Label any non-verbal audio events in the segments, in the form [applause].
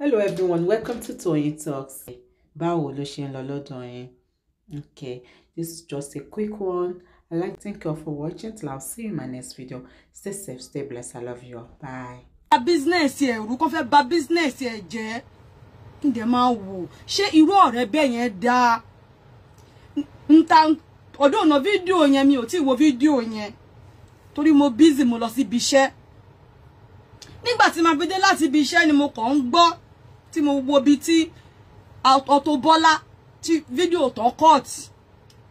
hello everyone welcome to Toyeen Talks báwo ló ṣe ń lọ lọ́dọ̀ yín okay this is just a quick one i like to thank you all for watching till i see you in my next video stay safe stay blessed i love you all bye. ba bísínẹ́sì ẹ̀ rú kó fẹ́ ba bísínẹ́sì ẹ̀ jẹ́ ǹdẹ̀ máa wò ṣé irú ọ̀rẹ́ bẹ́ẹ̀ yẹn dáa ń ta ọ̀dọ̀ ọ̀nà fídíò yẹn mi ò tí ì wo fídíò yẹn torí mo busy mo lọ síbi iṣẹ́ nígbà tí màá fi dé láti ibi iṣẹ́ ni mo kàn ń gbọ́ tí mo wo bi tí Auto Bola tí fídíò tó court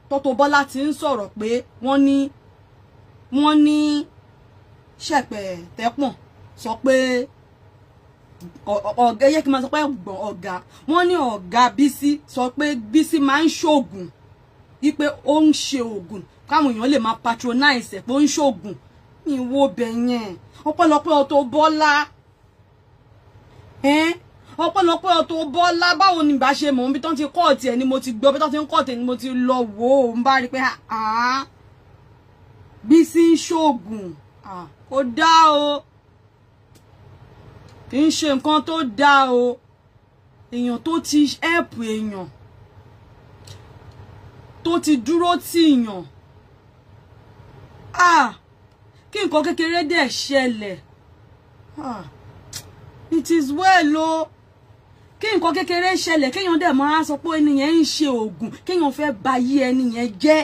tọ́tò Bọ́lá ti ń sọ̀rọ̀ pé wọ́n ní wọ́n ní ṣẹ̀pẹ̀ tẹ́pọ̀n sọ pé ọ̀gá yẹ kí n máa sọ pé gbọ̀n ọ̀gá wọ́n ní ọ̀gá Bísí sọ pé Bísí máa ń ṣoògùn wípé ó ń ṣe oògùn káwọn èèyàn lè máa patronize ẹ̀ pé ó ń ṣoògùn ní ìwo bẹ̀ yẹn ọpẹ́lọpẹ́ Auto Bọ́lá ọpọlọpọ Auto Bola báwo ni bá ṣe mọ̀ bí tán ti kọ́ọ̀tì ẹ̀ ni mo ti gbọ́ bí tán ti ń kọ́ọ̀tì ẹ̀ ni mo ti lọ wò ó ń bá rí pé bí sí ń ṣoògùn kò dá o kì í ṣe nǹkan tó dá o èèyàn tó ti ẹ̀pù èèyàn tó ti dúró tì yàn kí nǹkan kékeré dẹ̀ ṣẹlẹ̀ it is well o. Oh kí nǹkan kékeré ṣẹlẹ̀ kéèyàn dẹ̀ máa sọ pé ẹni ń ṣe oògùn kéèyàn fẹ́ ba yí ẹni yẹn jẹ́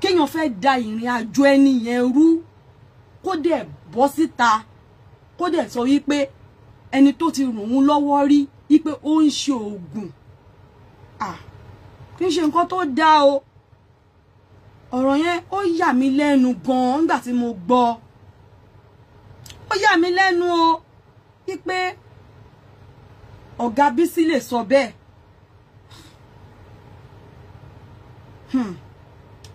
kéèyàn fẹ́ da ìrìn àjò ẹni yẹn rú kó dẹ̀ bọ́ síta kó dẹ̀ sọ wípé ẹni tó ti rùn ún lọ́wọ́ rí wípé ó ń ṣe oògùn kì í ṣe nǹkan tó dáa o ọ̀rọ̀ yẹn ó yà mí lẹ́nu gan-an nígbà tí mo gbọ́ ó yà mí lẹ́nu o wípé ọ̀gá Bísí Hmm. sọ bẹ́ẹ̀ hmm.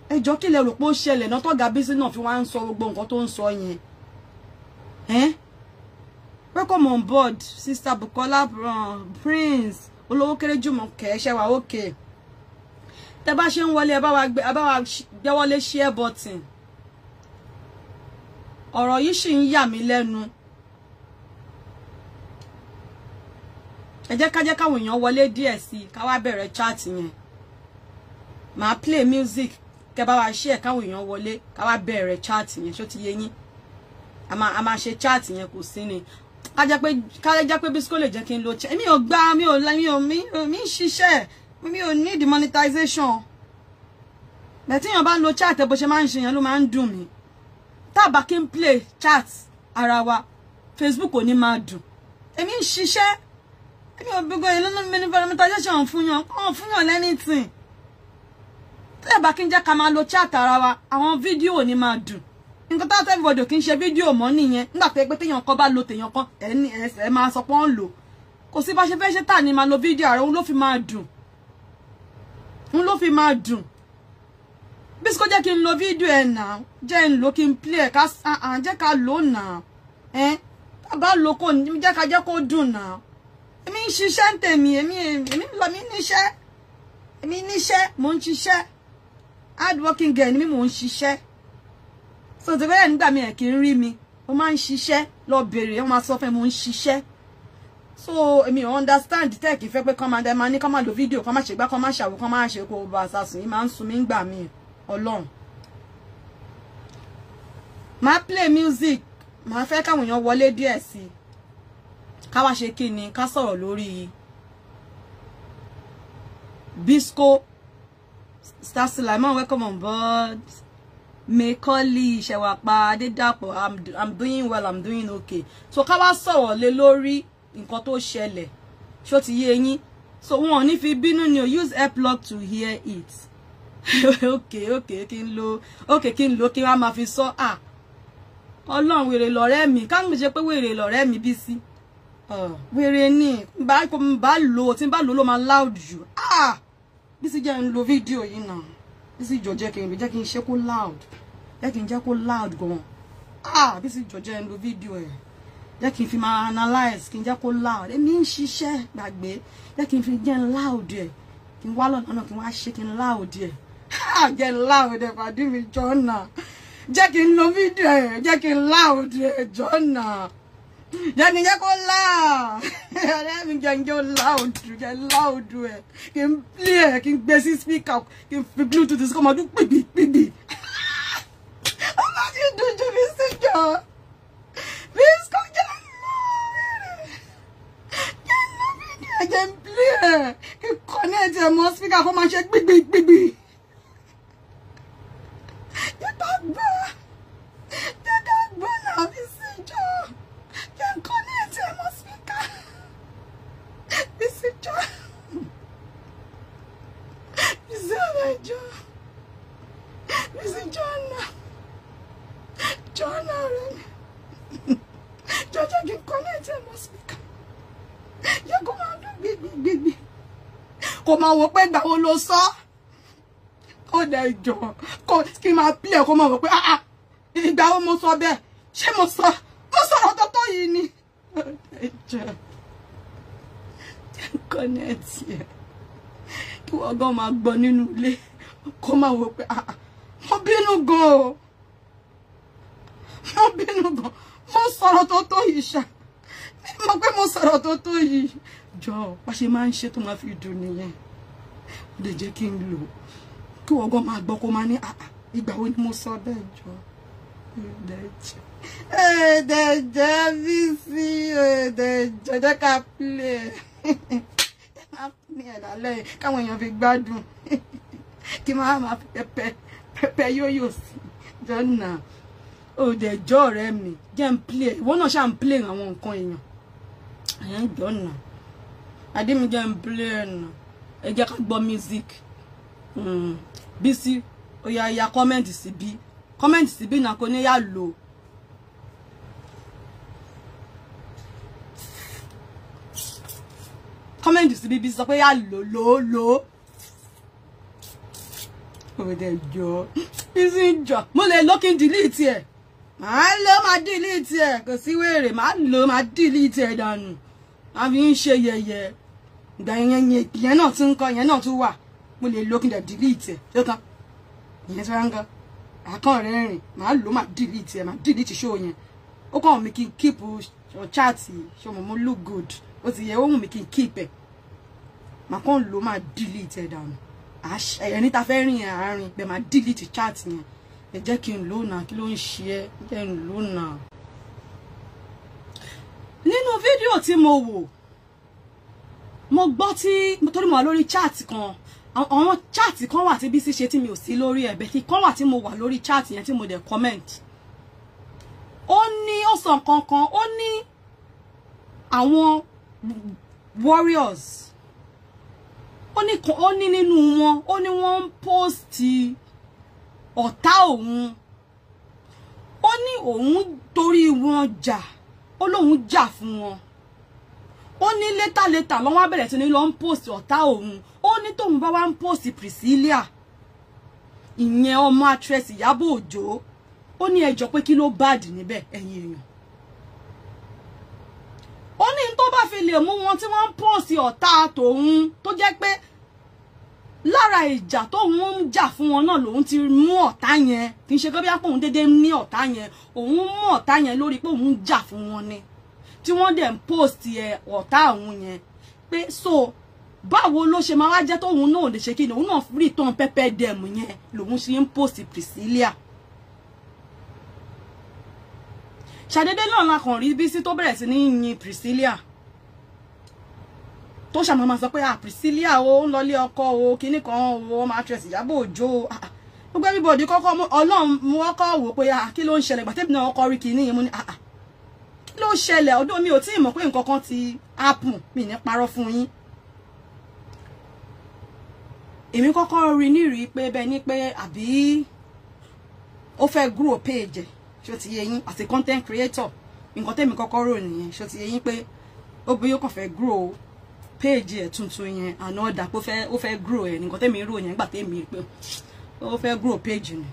ẹjọ́ le lẹ rò pé ó ṣẹlẹ̀ náà tọ́gá Bísí náà fi wá ń sọ gbogbo nǹkan tó ń sọ welcome on board sister Bukola Prince olówó kéré jùmọ̀ kẹ́ ṣe wà ókè tẹ bá ṣe ba wọlé ẹ bá wa gbẹ́wọ́lé share button ọ̀rọ̀ yìí ṣì ń yà mí lẹ́nu. ẹ jẹ́ ká jẹ́ káwọn èèyàn wọlé díẹ̀ sí i ká wá bẹ̀rẹ̀ yẹn màá play music kẹ́ bá wa share káwọn èèyàn wọlé ká wá bẹ̀rẹ̀ chat yẹn ṣó ti yé yín a máa ṣe chat yẹn kò sí ni ká jẹ́ pé ká jẹ́ pé Bisco lè jẹ́ kí n lo chat èmi ò gbà mi ò mi ò mi ò mi ń ṣiṣẹ́ mi ò need monetization bẹ́ẹ̀ tí èèyàn bá ń lo chat bó ṣe máa ń ṣe yẹn ló máa ń dùn mí tábà kí n play chat ara wa Facebook ò ní máa dùn èmi ń ṣiṣẹ́ gbogbo ìlú mi ní fẹrẹmítàjẹsàn fún yàn kàn fún yàn lẹ́nìtìn tó yẹ bá kí n jẹ́ ká máa lo chat ara wa àwọn fídíò ní máa dùn nǹkan tó tẹ́ fìbọdọ̀ kì í ṣe fídíò mọ́ nìyẹn nígbà tó yẹ pé téèyàn kan bá lo téèyàn kan ẹ máa sọ pé ó ń lò kò sí bá ṣe fẹ́ ṣe tà ní máa lo fídíò ara òun ló fi máa dùn òun ló fi máa dùn bí sọ jẹ́ kí n lo fídíò ẹ̀ nà jẹ́ n lo kí n play ẹ̀ ká ah, ah, jẹ́ ká lò nà ẹ́ tá a jẹ́ ká jẹ́ kó dùn nà èmi ń ṣiṣẹ́ ń tèmi èmi èmi lọ mi níṣẹ́ èmi níṣẹ́ mò ń ṣiṣẹ́ hard working girl ni mi mò ń ṣiṣẹ́ so ti bẹ́ẹ̀ nígbà mi ẹ̀ kì í rí mi mo máa ń ṣiṣẹ́ lọ bèrè wọ́n máa sọ fún mi mò ń ṣiṣẹ́ so èmi ò understand tech ìfẹ́ pé kọ́ máa dẹ́ máa ní kọ́ máa lo fídíò kọ́ máa ṣègbà kọ́ máa ṣàwò kọ́ máa ṣe kó o bá a sàsùn yìí máa ń sun mí ń gbà mí ọlọ́run máa play music máa fẹ́ káwọn èèyàn wọlé díẹ̀ sí i ká wá ṣe kí ni ká sọ̀rọ̀ lórí Bisco Star Sulaiman welcome on board Mekoli Ṣẹ̀wàpá Adédàpọ̀ I'm, I'm doing well I'm doing okay so ká wá sọ̀rọ̀ lé lórí nǹkan tó ṣẹlẹ̀ ṣó ti yé yín so wọn ò ní fi bínú ni o use earplug to hear it [laughs] okay okay kí n lo okay kí n lo kí n wá máa fi sọ ah ọlọ́run wèrè lọ̀rẹ́ mi ká ń gbèsè pé wèrè lọ̀rẹ́ mi bí sí. were ni ba ko ba lo ma loud you ah Bisi je n lo video yi na Bisi is joje ke bi je kin se ko loud je kin je ko loud gan ah Bisi is joje nlo lo video e je kin fi ma analyze kin ko loud e mi nsise gbagbe je kin fi je n loud e kin wa lo na kin se kin loud e ha je loud e pa do mi jona je kin lo video e je kin loud e jona jẹ́ni jẹ́ ko láà ọ̀rẹ́ mi jẹ́ njẹ́ loud jẹ́ láòdù ẹ̀ kí n plé ẹ̀ kí n gbé sí spíkà kí n fi bluetooth sí kó máa dún pìbì pìbì ọmọ tí ń dojú mi sí jọ mi ń kọ́ jẹ́ lọ́ọ̀rẹ́ jẹ́ n plé ẹ̀ kí n connect ẹ̀ mọ́ spíkà kó máa ṣe gbígbígbígbì jẹ́ bá gbà. Mizabajọ, Mrs. Jọ́nà, Jọ́nà ọ̀rẹ́ mi, John, John, n kọ́ ní ẹ̀tí ẹ̀mọ́ síkà, yẹ kó máa dún gbígbígbígbí, kò máa wọ pé gbàwo ló sọ, ó dẹ̀ jọ, kò kí n máa pílẹ̀ kó máa wọ pé áá, ah, ah, ìgbàwo mo sọ bẹ́ẹ̀, ṣé mo sọ, mo sọ̀rọ̀ tó tó yìí ni, ó dẹ̀ jọ, jẹ́ n kọ́ ní ẹ̀tí ẹ̀mọ́ kí wọ́n gan máa gbọ́ nínú ilé kó máa wò pé ah, ah, mo bínú gan o mo bínú gan mo sọ̀rọ̀ tó tó yìí ṣá mo pé mo sọ̀rọ̀ tó tó yìí jọ bá ṣe máa ń ṣe tó máa fi dùn nìyẹn ó lè jẹ́ kí n lò kí wọ́n gan máa gbọ́ kó máa ní ah, ìgbà wo ni mo sọ bẹ́ẹ̀ jọ ìdẹ́jọ́ ìdẹ́jọ́ bí sí ìdẹ́jọ́ jẹ́ ká play. [laughs] ní ẹ̀dá lẹ́yìn káwọn èèyàn fi gbádùn [laughs] kí máa máa fi pẹpẹ pẹpẹ yóyò sí jọ́nà òdẹ̀jọ́ ọ̀rẹ́ mi jẹ́ ń plé ìwọ náà ṣáà ń plé àwọn nǹkan èèyàn àyàn jọ́nà adémi jẹ́ ń plé ẹ̀nà ẹ ká gbọ́ music hmm, Bísí ó yá ya kọ́mẹ́ǹtì síbí kọ́mẹ́ǹtì síbí náà kò ní yà lò kọ́mẹ́ǹtì sí bíbí sọ pé yà lò lo lo ó dẹ̀ jọ bísí ń jọ mo lè lókè dìlítì ẹ̀ màá lò máa dìlítì ẹ̀ kò sí wèrè màá lò máa dìlítì ẹ̀ dànù màá fi ń ṣe yẹyẹ ìgbà yẹn yẹn náà tún ń kọ yẹn náà tún wà mo lè lókè dẹ̀ dìlítì ẹ̀ lọ́kàn ìyẹn tí wọ́n ń gan àkàn rẹ̀ rìn màá lò máa dìlítì ẹ̀ máa dìlítì ṣó yẹn ó kàn mí kí n kíìpù ọ̀ chaàtì mo look good ó ti yẹ ó wù mí kí n keep ẹ màá kàn ló máa delete ẹ dànù ẹni tá fẹ́ rìn àárín bẹ́ẹ̀ máa delete chat yẹn ẹ jẹ́ kí n lò náà kí ló ń ṣe ẹ́ jẹ́ n lò náà. nínú fídíò tí mo wò mo gbọ́ tí torí mo wà lórí chat kan àwọn chat kan wà tí Bísí ṣe tí mi ò sí lórí ẹ̀ bẹ́ẹ̀ kí kan wà tí mo wà lórí chat yẹn tí mo dẹ̀ comment ó ní ó sọ nǹkan kan ó ní àwọn warriors ó ní ó ní nínú wọn ó ní wọ́n ń póòstì ọ̀tá òun ó ní òun torí wọn jà ó lóun jà fún wọn ó ní létà létà lọ́n wá bẹ̀rẹ̀ sí ní lọ ń póòstì ọ̀tá òun ó ní tóun bá wá ń póòstì Priscilla ìyẹn ọmọ actress Ìyábọ̀ Òjó ó ní ẹjọ́ pé kí ló báàdì níbẹ̀ ẹ̀yin èèyàn ó ní tó bá fi lè mú wọn tí wọ́n ń pọ́ọ̀sì ọ̀tá tòun tó jẹ́ pé lára ìjà tóun ń jà fún wọn náà lòun ti mú ọ̀tá yẹn kì í ṣe gbọ́dọ̀ pé òun déédéé ní ọ̀tá yẹn òun mú ọ̀tá yẹn lórí pé òun ń jà fún wọn ni tí wọ́n dẹ̀ ń pọ́ọ̀sì ọ̀tá òun yẹn pé so báwo ló ṣe máa wá jẹ́ tóun náà lè ṣe kí ni òun náà rí tán pẹ́pẹ́ dẹ̀mù yẹn lòun ṣe ń pọ́ọ̀sì Priscilla ṣàdédé náà la kàn rí Bísí tó bẹ̀rẹ̀ sí ní yin Priscilla tó ṣàmọ́ máa sọ pé ah Priscilla o ń lọlé ọkọ o kinní kan o mattress Ìyábọ̀ Òjó o ah, ah. gbogbo everybody kọ́kọ́ Ọlọ́run mú ọkọ̀ wò pé ah kí ló ń ṣẹlẹ̀ gbàtẹ́bí náà ọkọ̀ rí kinní yẹn mú ni ah ah kí ló ṣẹlẹ̀ ọdún mi ò tí ì mọ̀ pé nǹkan kan ti happen mi ní parọ́ fún yín èmi kọ́kọ́ rí nírìí pé bẹ́ẹ̀ ni pé àbí ó fẹ́ grow page ṣó ti yẹ yín as a content creator nǹkan tẹ̀mí kọ́kọ́ rò nìyẹn ṣó ti yẹ yín pé obìnrin kàn fẹ́ grow page ẹ̀ tuntun yẹn àná ọ̀dà pé ó fẹ́ grow ẹ̀ nǹkan tẹ̀mí rò yẹn gbà tẹ̀mí pé ó fẹ́ grow page ni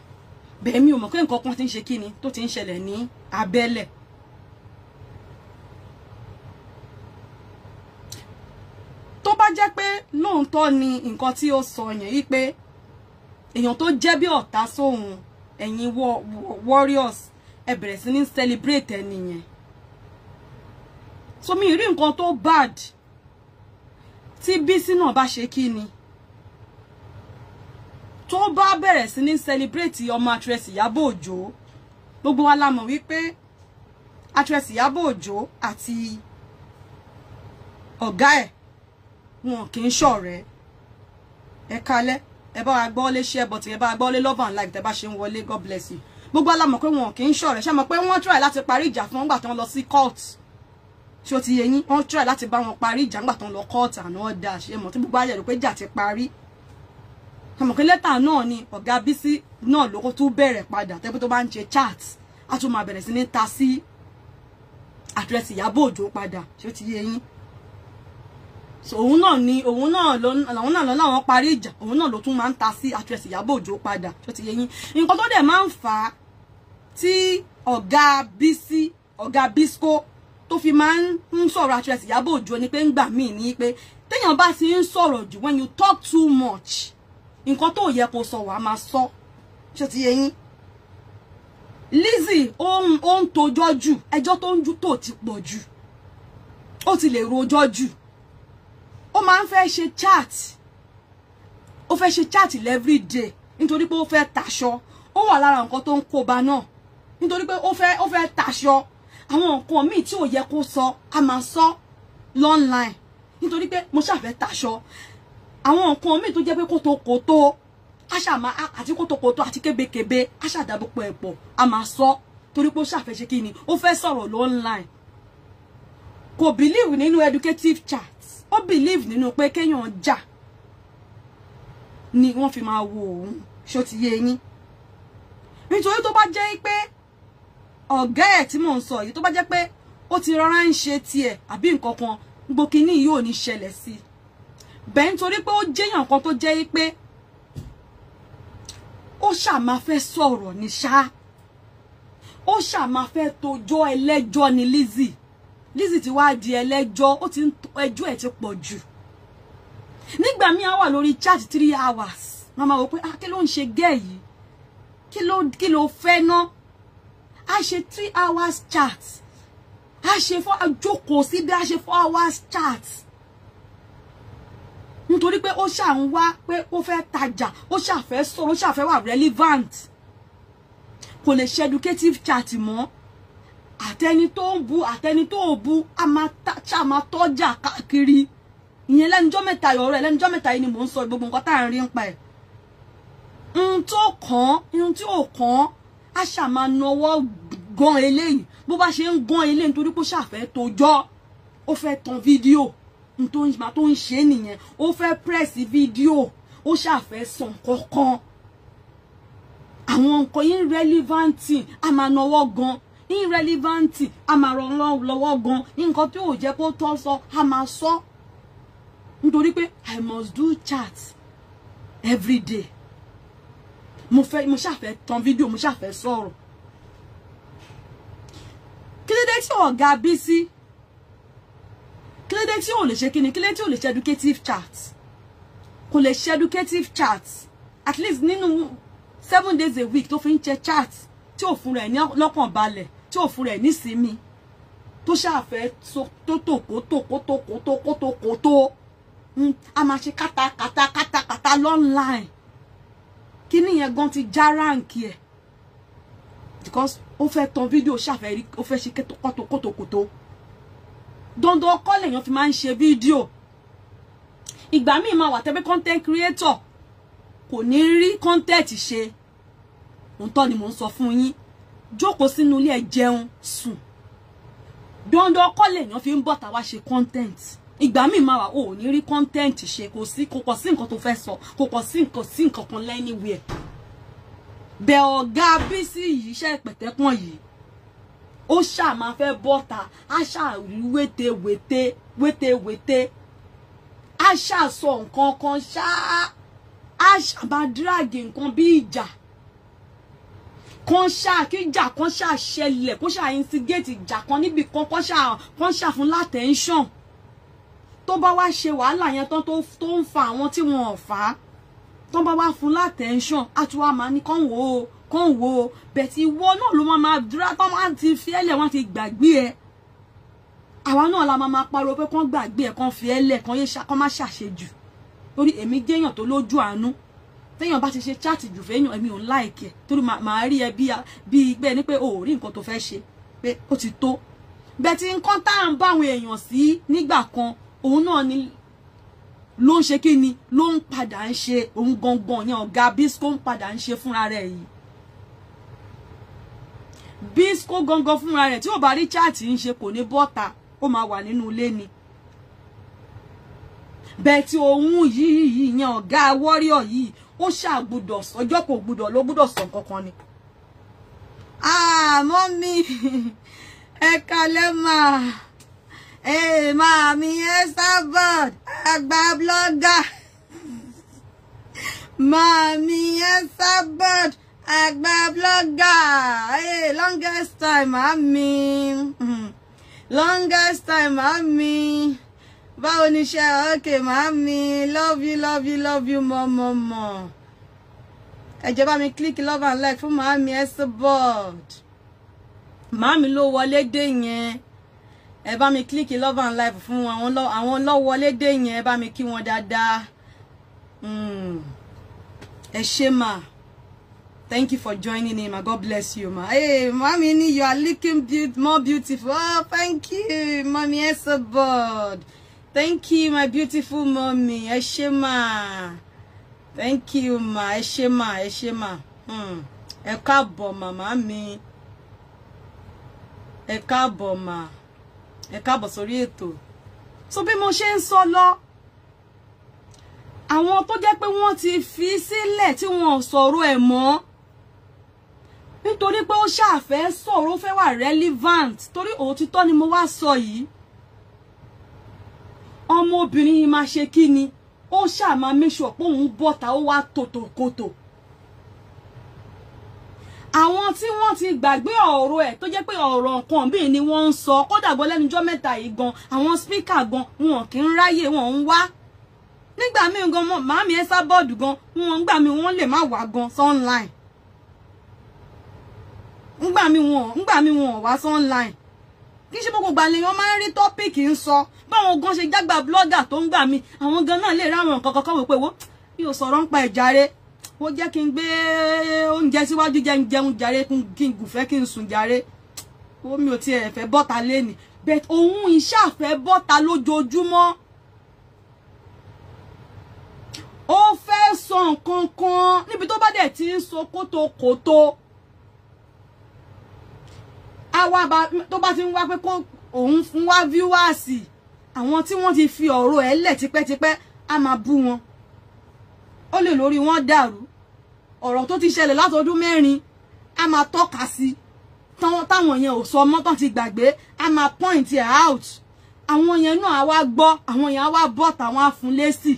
bẹ́ẹ̀ mi ò mọ̀ pé nǹkan kan ti ń ṣe kí ni tó ti ń ṣẹlẹ̀ ní abẹ́lẹ̀ tó bá jẹ́ pé lóòótọ́ ni nǹkan tí ó sọ yẹn yí pé èèyàn tó jẹ́ bí ọ̀tá sóhun ẹ̀yin warriors ẹ bẹ̀rẹ̀ sí ní celebrate ẹni yẹn so mi rí nǹkan tó bad tí Bísí náà bá ṣe kí ni tó bá bẹ̀rẹ̀ sí ní celebrate ọmọ actress Ìyábọ̀ Òjó gbogbo wa la mọ̀ wípé actress Ìyábọ̀ Òjó àti ọ̀gá ẹ̀ wọn kì í ṣọ̀rẹ́ ẹ kalẹ́ ẹ bá wa gbọ́ lé share button ẹ bá wa gbọ́ lé love and like tẹ bá ṣe ń wọlé God bless you gbogbo alamọ̀ pé wọn kì í ṣọ̀rẹ́ ṣe mọ̀ pé wọ́n try láti parí ìjà fún ọgbà tó ń lọ sí court ṣé o ti yẹ yín wọ́n try láti bá wọn parí ìjà ńgbà tó ń lọ court àná ọ̀dà ṣe mọ̀ tí gbogbo ayẹ̀ rò pé ìjà ti parí àmọ̀ pé lẹ́tà náà ni ọ̀gá Bísí náà ló tún bẹ̀rẹ̀ padà tẹ́bí tó bá ń ṣe chat á tún máa bẹ̀rẹ̀ sí ní ta sí àdírẹ́sì Ìyábọ̀ Òjó padà ṣé o ti yẹ yín òun náà ni òun náà lòun náà lọ́nà àwọn parí ìjà òun náà ló tún máa ń ta sí àtúrẹsì Ìyábọ̀ Òjó padà tó ti yé yín nǹkan tó dẹ̀ máa ń fà á tí ọ̀gá Bísí ọ̀gá Bísco tó fi máa ń sọ̀rọ̀ actress Ìyábọ̀ Òjó ni pé ń gbà míì ní pé téèyàn bá ti ń sọ̀rọ̀ jù when you talk too much nǹkan tó yẹ kó sọ wàá máa sọ ṣé ti yẹ yín Lizzy ó ń tojọ́ jù ẹjọ́ tó ń jù tó ti pọ̀ jù ó ti lè rojọ́ jù ó máa ń fẹ́ ṣe chat ó fẹ́ ṣe chat every day nítorí pé ó fẹ́ taṣọ ó wà lára nǹkan tó ń kóba náà nítorí pé ó fẹ́ ó fẹ́ taṣọ àwọn nǹkan míì tí ò yẹ kó sọ a máa sọ lọ́nline nítorí pé mo ṣàfẹ́ taṣọ àwọn nǹkan míì tó jẹ́ pé kótókótó a ṣàmà àti kótókótó àti kébékébé a ṣàdàbọ̀pọ̀ ẹ̀pọ̀ a máa sọ torí pé ó ṣàfẹ́ ṣe kí ni ó fẹ́ sọ̀rọ̀ lọ́nline kò believe nínú educative chat ó believe nínú pé kéèyàn jà ni wọ́n fi máa wo òun ṣó ti yé yín nítorí tó bá jẹ́ pé ọ̀gá ẹ̀ tí mò ń sọ yìí tó bá jẹ́ pé ó ti rọra ń ṣe tiẹ̀ àbí nǹkan kan gbogbo kínní yìí ò ní ṣẹlẹ̀ sí i bẹ́ẹ̀ nítorí pé ó jẹ́yàn kan tó jẹ́ pé ó ṣàmà fẹ́ sọ̀rọ̀ ní ṣá ó ṣàmà fẹ́ tojọ́ ẹlẹ́jọ́ ni Lizzy Lizzy ti wá di ẹlẹ́jọ́ ó ti ń ẹjọ́ ẹ̀ ti pọ̀ jù nígbà míì á wà lórí chat three hours màmá wò pé ah kí ló ń ṣe gẹ́ẹ̀ yìí kí ló fẹ́ náà a ṣe three hours chat a ṣe four a jókòó síbi a ṣe four hours chat nítorí pé ó ṣà ń wá pé ó fẹ́ tajà ó ṣàfẹ́ sọ̀rọ̀ ó ṣàfẹ́ wà relevant kò lè ṣe educative chat mọ́ àtẹni tó ń bu àtẹni tó ò bu a máa tọ́jà káàkiri ìyẹn lẹ́nujọ́ mẹ́ta yọ̀ọ́ rẹ̀ lẹ́nujọ́ mẹ́ta yìí ni mò ń sọ gbogbo nǹkan tá à ń rí ń pa ẹ̀ n tó kàn án n tí ò kàn án a ṣà máa nawọ́ gan eléyìí bó bá ṣe ń gan eléyìí nítorí pé ó ṣàfẹ́ tó jọ́ ó fẹ́ tan fídíò tó ń ṣe nìyẹn ó fẹ́ pírẹ́sì fídíò ó ṣàfẹ́ sàn kankan àwọn nǹkan irrelevanti a máa nawọ́ gan irrelevant a máa ràn lọ́wọ́ gan nǹkan tí ò jẹ́ kó tọ́ sọ a máa sọ nítorí pé i must do chat every day mo fẹ́ mo ṣàfẹ́ tan fídíò mo ṣàfẹ́ sọ̀rọ̀ kílédé tí ọ̀gá Bísí kílédé tí ò lè ṣe kíni kílédé tí ò lè ṣe educative chat kò lè ṣe educative chat at least nínú seven days a week tó fi ń ṣe chat tí ò fún rẹ̀ ní lọ́kàn balẹ̀ tí ò fún rẹ̀ nísinmi tó ṣàfẹ́ tó tòkótòkótòkótòkótòkótó a máa ṣe kátàkátàkátà online kíní yẹn gan ti já ráǹkì ẹ̀ because ó fẹ́ tan fídíò ṣàfẹ́rí ó fẹ́ ṣe kótókótókótó dandan ọkọ lèèyàn fi máa ń ṣe fídíò ìgbà míì máa wà content creator kò ní rí content ṣe òǹtọ́ ni mò ń sọ fún yín jókòó sínú ilé ẹ̀ jẹun sùn dandan ọkọ fi ń bọ̀ tàwa ṣe content ìgbà míì máa wà ó ní rí kọ́ńtẹ́ǹtì ṣe kò sí kò kọ̀ sí nǹkan tó fẹ́ sọ kò kọ̀ sí nǹkan sí nǹkan kan lẹ́nìwẹ̀ẹ́ bẹ ọ̀gá bísí yìí iṣẹ́ pẹ̀tẹ́pọ̀n yìí ó ṣáà máa fẹ́ bọ́ta á ṣáà rí wété wété wété wété á ṣáà sọ nǹkan kan ṣáà á ṣáà máa dírágì nǹkan bí ìjà kan ṣáà kí kan ṣáà ṣẹlẹ̀ kó ṣáà instigate ìjà kan níbi kan kan ṣáà fún látẹ̀ńṣọ̀n tó bá wá ṣe wàhálà yẹn tán tó ń fa àwọn tí wọn ò fà á tó bá wá fún látẹ̀ńṣàn á tún wá máa ní kán wò ó kán wò ó bẹ̀tì ìwọ náà ló máa dúrà tán máa ti fi ẹ́lẹ̀ wọ́n ti gbàgbé ẹ̀ àwa náà la máa pariwo pé kán gbàgbé ẹ̀ kán fi ẹ́lẹ̀ kán yé kán má ṣàṣejù torí èmi jẹ́yàn tó lójú àánú téèyàn bá ti ṣe chaati jù fẹ́yàn èmi ò ń láìkẹ́ torí màá rí ẹ bí i pé ẹni pé o ò rí nǹkan tó fẹ́ ṣe pé ó ti tó bẹ̀tì nǹkan tá à ń bá àwọn èèyàn sí nígbà kan òun náà ni ló ń ṣe kí ni ló ń padà ń ṣe òun gangan yẹn ọ̀gá Bisco ń padà ń ṣe fúnra rẹ̀ yìí Bisco gangan fúnra rẹ̀ tí ò bá rí chaati ń ṣe kò ní bọ́ta ó máa wà nínú ilé ni bẹ́ẹ̀ tí òun yìí yìí yẹn ọ̀gá wọ́ríọ̀ yìí ó ṣàgbọ́dọ̀ sọjọ́ kò gbọ́dọ̀ ló gbọ́dọ̀ sọ kankan ni. àmọ́ ah, mi [laughs] ẹ̀ka lẹ́màá. Hey, Mami Esabod, àgbà blogger. Mami Esabod, àgbà blogger. Hey, longest time, Mami. [laughs] Longest time, Mami. Báwo ni ṣe okay, Mami. Love you, love you, love you, more, more, more. Ẹ jẹ́ bá mi click love and like fún Mami Esabod. Mami ló wọlé dé yẹn ẹ bá mi kílíkì love and life fún àwọn lọ́wọ́lédè yẹn ẹ bá mi kí wọn dáadáa hmm. ẹ ṣé mà thank you for joining me. ma god bless you ma hey mami ni you are looking be more beautiful oh thank you mami ẹ so bold thank you my beautiful mommy ẹ ṣé mà thank you ma ẹ ṣé mà ẹ ṣé mà hmm. ẹ káàbọ̀ ma. mi ẹ káàbọ̀ mà. Hmm ẹ káàbọ̀ sórí ètò so bí mo ṣe ń sọ lọ àwọn tó jẹ́ pé wọ́n ti fi sílẹ̀ tí wọ́n sọ̀rọ̀ ẹ̀ mọ́ nítorí pé ó ṣàfẹ́ sọ̀rọ̀ fẹ́ wà relevant torí òtítọ́ ni mo wá sọ yìí ọmọbìnrin yìí máa ṣe kí ni ó ṣáà máa make sure pé òun bọ́ta ó wá tòtòkòtò àwọn tí wọ́n ti gbàgbé ọ̀rọ̀ ẹ̀ tó jẹ́ pé ọ̀rọ̀ nǹkan bíi ni wọ́n ń sọ kódà gbọ́ lẹ́nujọ́ mẹ́ta yìí gan àwọn spíkà gan wọn kì í ráyè wọn ń wá nígbà míì gan màámi ẹ sábọ́ọ̀dù gan wọn ń gbà mí wọn lè má wá gan sunline ngbà mí wọn ngbà mí wọn wá sunline kì í ṣe gbogbo gbà lèèyàn máa ń rí tọ́pìkì ń sọ báwọn gan ṣe jágbà blọ́gà tó ń gbà mí àwọn gan náà lè ráwọn nǹkan wò pé wo mi ò sọ̀rọ̀ ń pa ẹ̀járe ó jẹ́ kí n gbé oúnjẹ síwájú jẹ́ ń jẹun jàre kí n gùfẹ́ kí n sùn jàre ó mi ò tiẹ̀ fẹ́ bọ́ta léni but òun iṣẹ́ àfẹ́ bọ́ta lójoojúmọ́ ó fẹ́ sọ nǹkan kan níbi tó bá dẹ̀ ti ń sọ kótókótó àwa tó bá ti ń wá pé kó òun fún wá fíwáàsì àwọn tí wọ́n ti fi ọ̀rọ̀ ẹ̀ lẹ̀ tipẹ́tipẹ́ á máa bú wọn ó lè lórí wọn dàrú ọ̀rọ̀ tó ti ṣẹlẹ̀ látọdún mẹ́rin a máa tọ́ka sí táwọn yẹn ò sọ mọ́ tán ti gbàgbé a máa point it out àwọn yẹn náà a wá gbọ́ àwọn yẹn a wá bọ́ tàwọn á fún lésì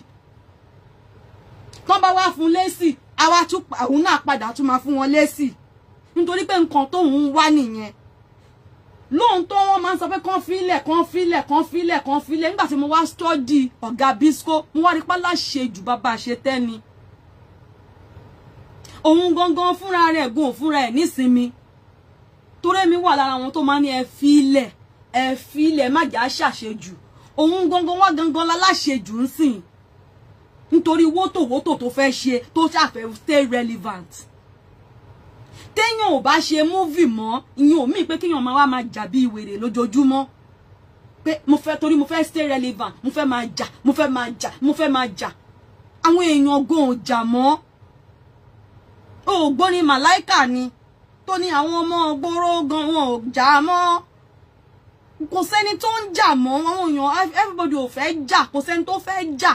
tán bá wá fún lésì a wá tún òun náà padà tún máa fún wọn lésì nítorí pé nǹkan tóun wá nìyẹn lóòótọ́ wọ́n máa ń sọ pé kán fílẹ̀ kán fílẹ̀ kán fílẹ̀ kán fílẹ̀ nígbà tí mo wá stọ́dì ọ̀gá Bisco mo wá rí pálá ṣe jù bàbá ṣe òun gangan fúnra rẹ̀ gùn fúnra ẹ̀ nísinmi torí mi wà lára àwọn tó máa ní ẹ fi ilẹ̀ ẹ fi ilẹ̀ má jà á ṣàṣejù òun gangan wá gangan láláṣejù ń sìn nítorí wótòwótò tó fẹ́ ṣe tó ṣàfẹ́ stay relevant téèyàn ò bá ṣe múvì mọ́ ìyẹn ò míì pé kéèyàn máa wá máa jà bí ìwèrè lójoojúmọ́ pé mo fẹ́ torí mo fẹ́ stay relevant mo fẹ́ máa jà mo fẹ́ máa jà mo fẹ́ máa jà àwọn èèyàn gan ò jà mọ́. ògbó ni màláìkà ni tó ní àwọn ọmọ gbóró gan wọn ò jà mọ́ kò sẹ́ni tó ń jà mọ́ àwọn èèyàn everybody ò fẹ́ jà kò sẹ́ni tó fẹ́ jà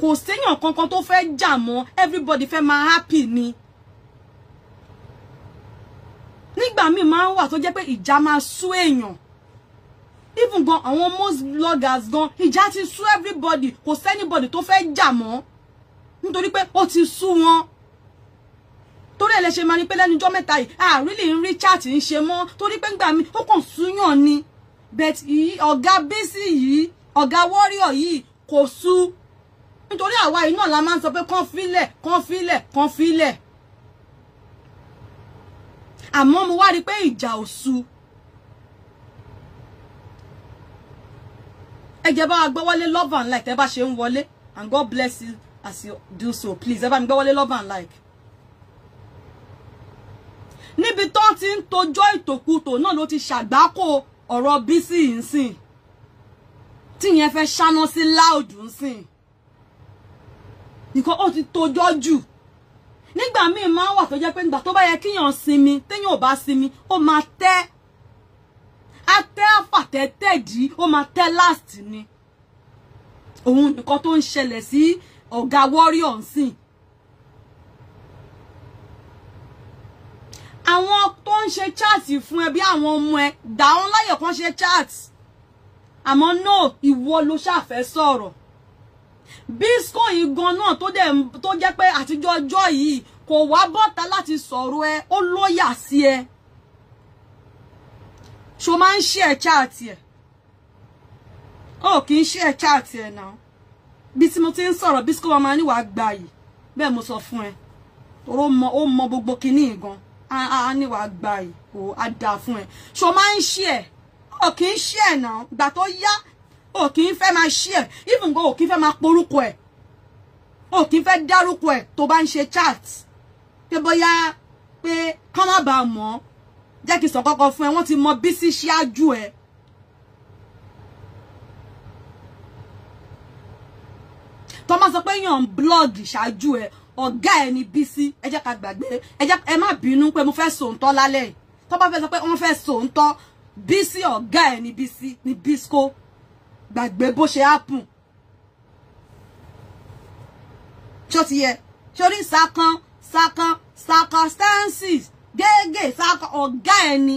kò séèyàn kankan tó fẹ́ jà mọ́ everybody fẹ́ máa happy ni nígbà míì máa ń wà tó jẹ́ pé ìjà máa sú èèyàn even gan àwọn most bloggers gan ìjà ti sú everybody kò sẹ́nibody tó fẹ́ jà mọ́ nítorí pé ó ti sú wọn torí ẹ lè ṣe máa ní pé lẹ́nu ọjọ́ mẹ́ta yìí àrílì ń rí chaati ń ṣe mọ́ torí pé ńgbà mi ó kàn súyàn ni bet ọ̀gá bísí yìí ọ̀gá wọ́ríọ̀ yìí kò sú nítorí àwa yìí náà la máa ń sọ pé kàn fílẹ̀ kàn fílẹ̀ kàn fílẹ̀ àmọ́ mo wá rí i pé ìjà ò sú ẹ jẹ́ bá wa gbọ́ wọlé love and like tẹ́ bá ṣe ń wọlé and God bless you as you do so please ẹ bá mi gbọ́ wọlé love and like níbi tó ti ń tojọ́ ìtòkutò náà ló ti ṣàgbákò ọ̀rọ̀ Bísí nsìn tíyẹn fẹ́ ṣáná sí láòdù nsìn nǹkan ó ti tojọ́ jù nígbà míì máa ń wà tó jẹ́ pé nígbà tó bá yẹ kíyàn sinmi téyàn ò bá sinmi ó máa tẹ́ atẹ́ àfàtẹ́tẹ̀dí ó máa tẹ́ last ni òun nìkan tó ń ṣẹlẹ̀ sí ọ̀gá warrior nsìn àwọn tó ń ṣe chat fún ẹ bí àwọn ọmọ ẹ dá wọn láyè kan ṣe chat àmọ́ náà ìwọ ló ṣàfẹ́ sọ̀rọ̀ bísíkò yìí gan náà tó jẹ́ pé àtijọ́ ọjọ́ yìí kò wá bọ́ta láti sọ̀rọ̀ ẹ ó lóyà sí ẹ ṣo máa ń ṣe ẹ chaàtì ẹ ó kì í ṣe ẹ chaàtì ẹ náà bí tí mo ti ń sọ̀rọ̀ bísíkò wọn máa níwàá gbà yìí bẹ́ẹ̀ mo sọ fún ẹ ó mọ gbogbo kinní gan a ní wàá gba ìkó a dà fún ẹ ṣo máa ń ṣí ẹ ò kì í ṣí ẹ náà gbà tó yá ò kì í fẹ́ even go ò kì í fẹ́ máa porúkọ ẹ ò kì í fẹ́ dárúkọ ẹ tó bá ń ṣe chat pé bóyá pé kán má bàa mọ̀ jẹ́ kí n sọ kọ́kọ́ fún ẹ wọ́n ti mọ Bísí ṣáájú ẹ. tọ́ máa sọ pé èèyàn ń blọ́ọ̀gì ṣáájú ẹ ọ̀gá ẹ̀ ní Bísí ẹ jẹ́ ká gbàgbé ẹ má bínú pé mo fẹ́ sòǹtọ́ lálẹ́ tó bá fẹ́ sọ pé wọ́n fẹ́ sòǹtọ́ Bísí ọ̀gá ẹ̀ ní Bísí ní Bísco gbàgbé bó ṣe ápùn tí ó ti yẹ tí ó rí sákan sákan circumstances gẹ́gẹ́ sákan ọ̀gá ẹ̀ ni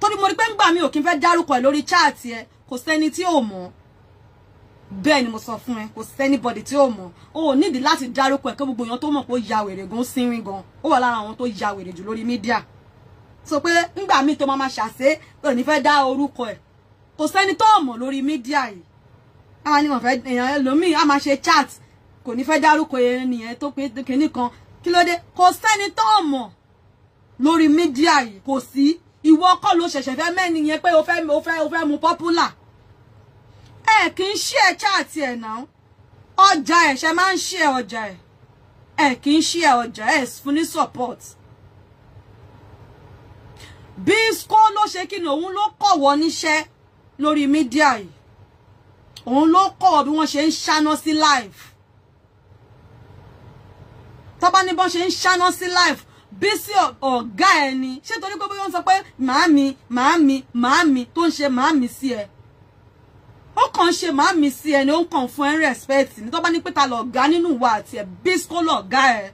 torí mo rí pé ń gbà mí ò kí n fẹ́ dárúkọ ẹ̀ lórí chaati ẹ̀ kò sẹ́ni tí ò mọ̀ bẹ́ẹ̀ ni mo sọ fún ẹ kò sẹ́nibọ̀dì tí ó mọ̀ o ò nídìí láti dárúkọ ẹ̀ kí gbogbo èèyàn tó mọ̀ pé ó ya wèrè gan sínwín gan ó wà lára àwọn tó ya wèrè jù lórí mídíà sọ pé ńgbà míì tó máa máa ṣàṣe pé òní fẹ́ dá orúkọ ẹ̀ kò sẹ́ni tó mọ̀ lórí mídíà yìí àwọn ni wọ́n fẹ́ èèyàn ẹlòmíì á máa ṣe chat kò ní fẹ́ dárúkọ ènìyàn tó pé kínní kan kí ló dé kò sẹ́ni tó mọ̀ lórí mídíà yìí kò sí ìwọ kọ́ ló ṣẹ̀ṣẹ̀ fẹ́ mẹ́ni yẹn pé o fẹ́ o fẹ́ o fẹ́ mu popular ẹ kì í ṣe ẹ chaati ẹ náà ọjà ẹ ṣe máa ń ṣe ọjà ẹ ẹ kì í ṣe ọjà ẹ fún ní support Bísí ló ṣe kí ni òun ló kọ̀wọ́ níṣẹ́ lórí mídíà yìí òun ló kọ̀wọ́ bí wọ́n ṣe ń ṣáná sí live tọ́ba ní bọ́n ṣe ń ṣáná sí live Bísí ọ̀gá ẹ ni ṣé torí pé bóyá ó ń sọ pé màámi màámi màámi tó ń ṣe màámi sí ẹ ó kàn ṣe máa mi sí ẹni ó ń kàn fún ẹ respect ní tó bá ní pé ta lọ ga nínú ìwà àti ẹ bisco lọ ga ẹ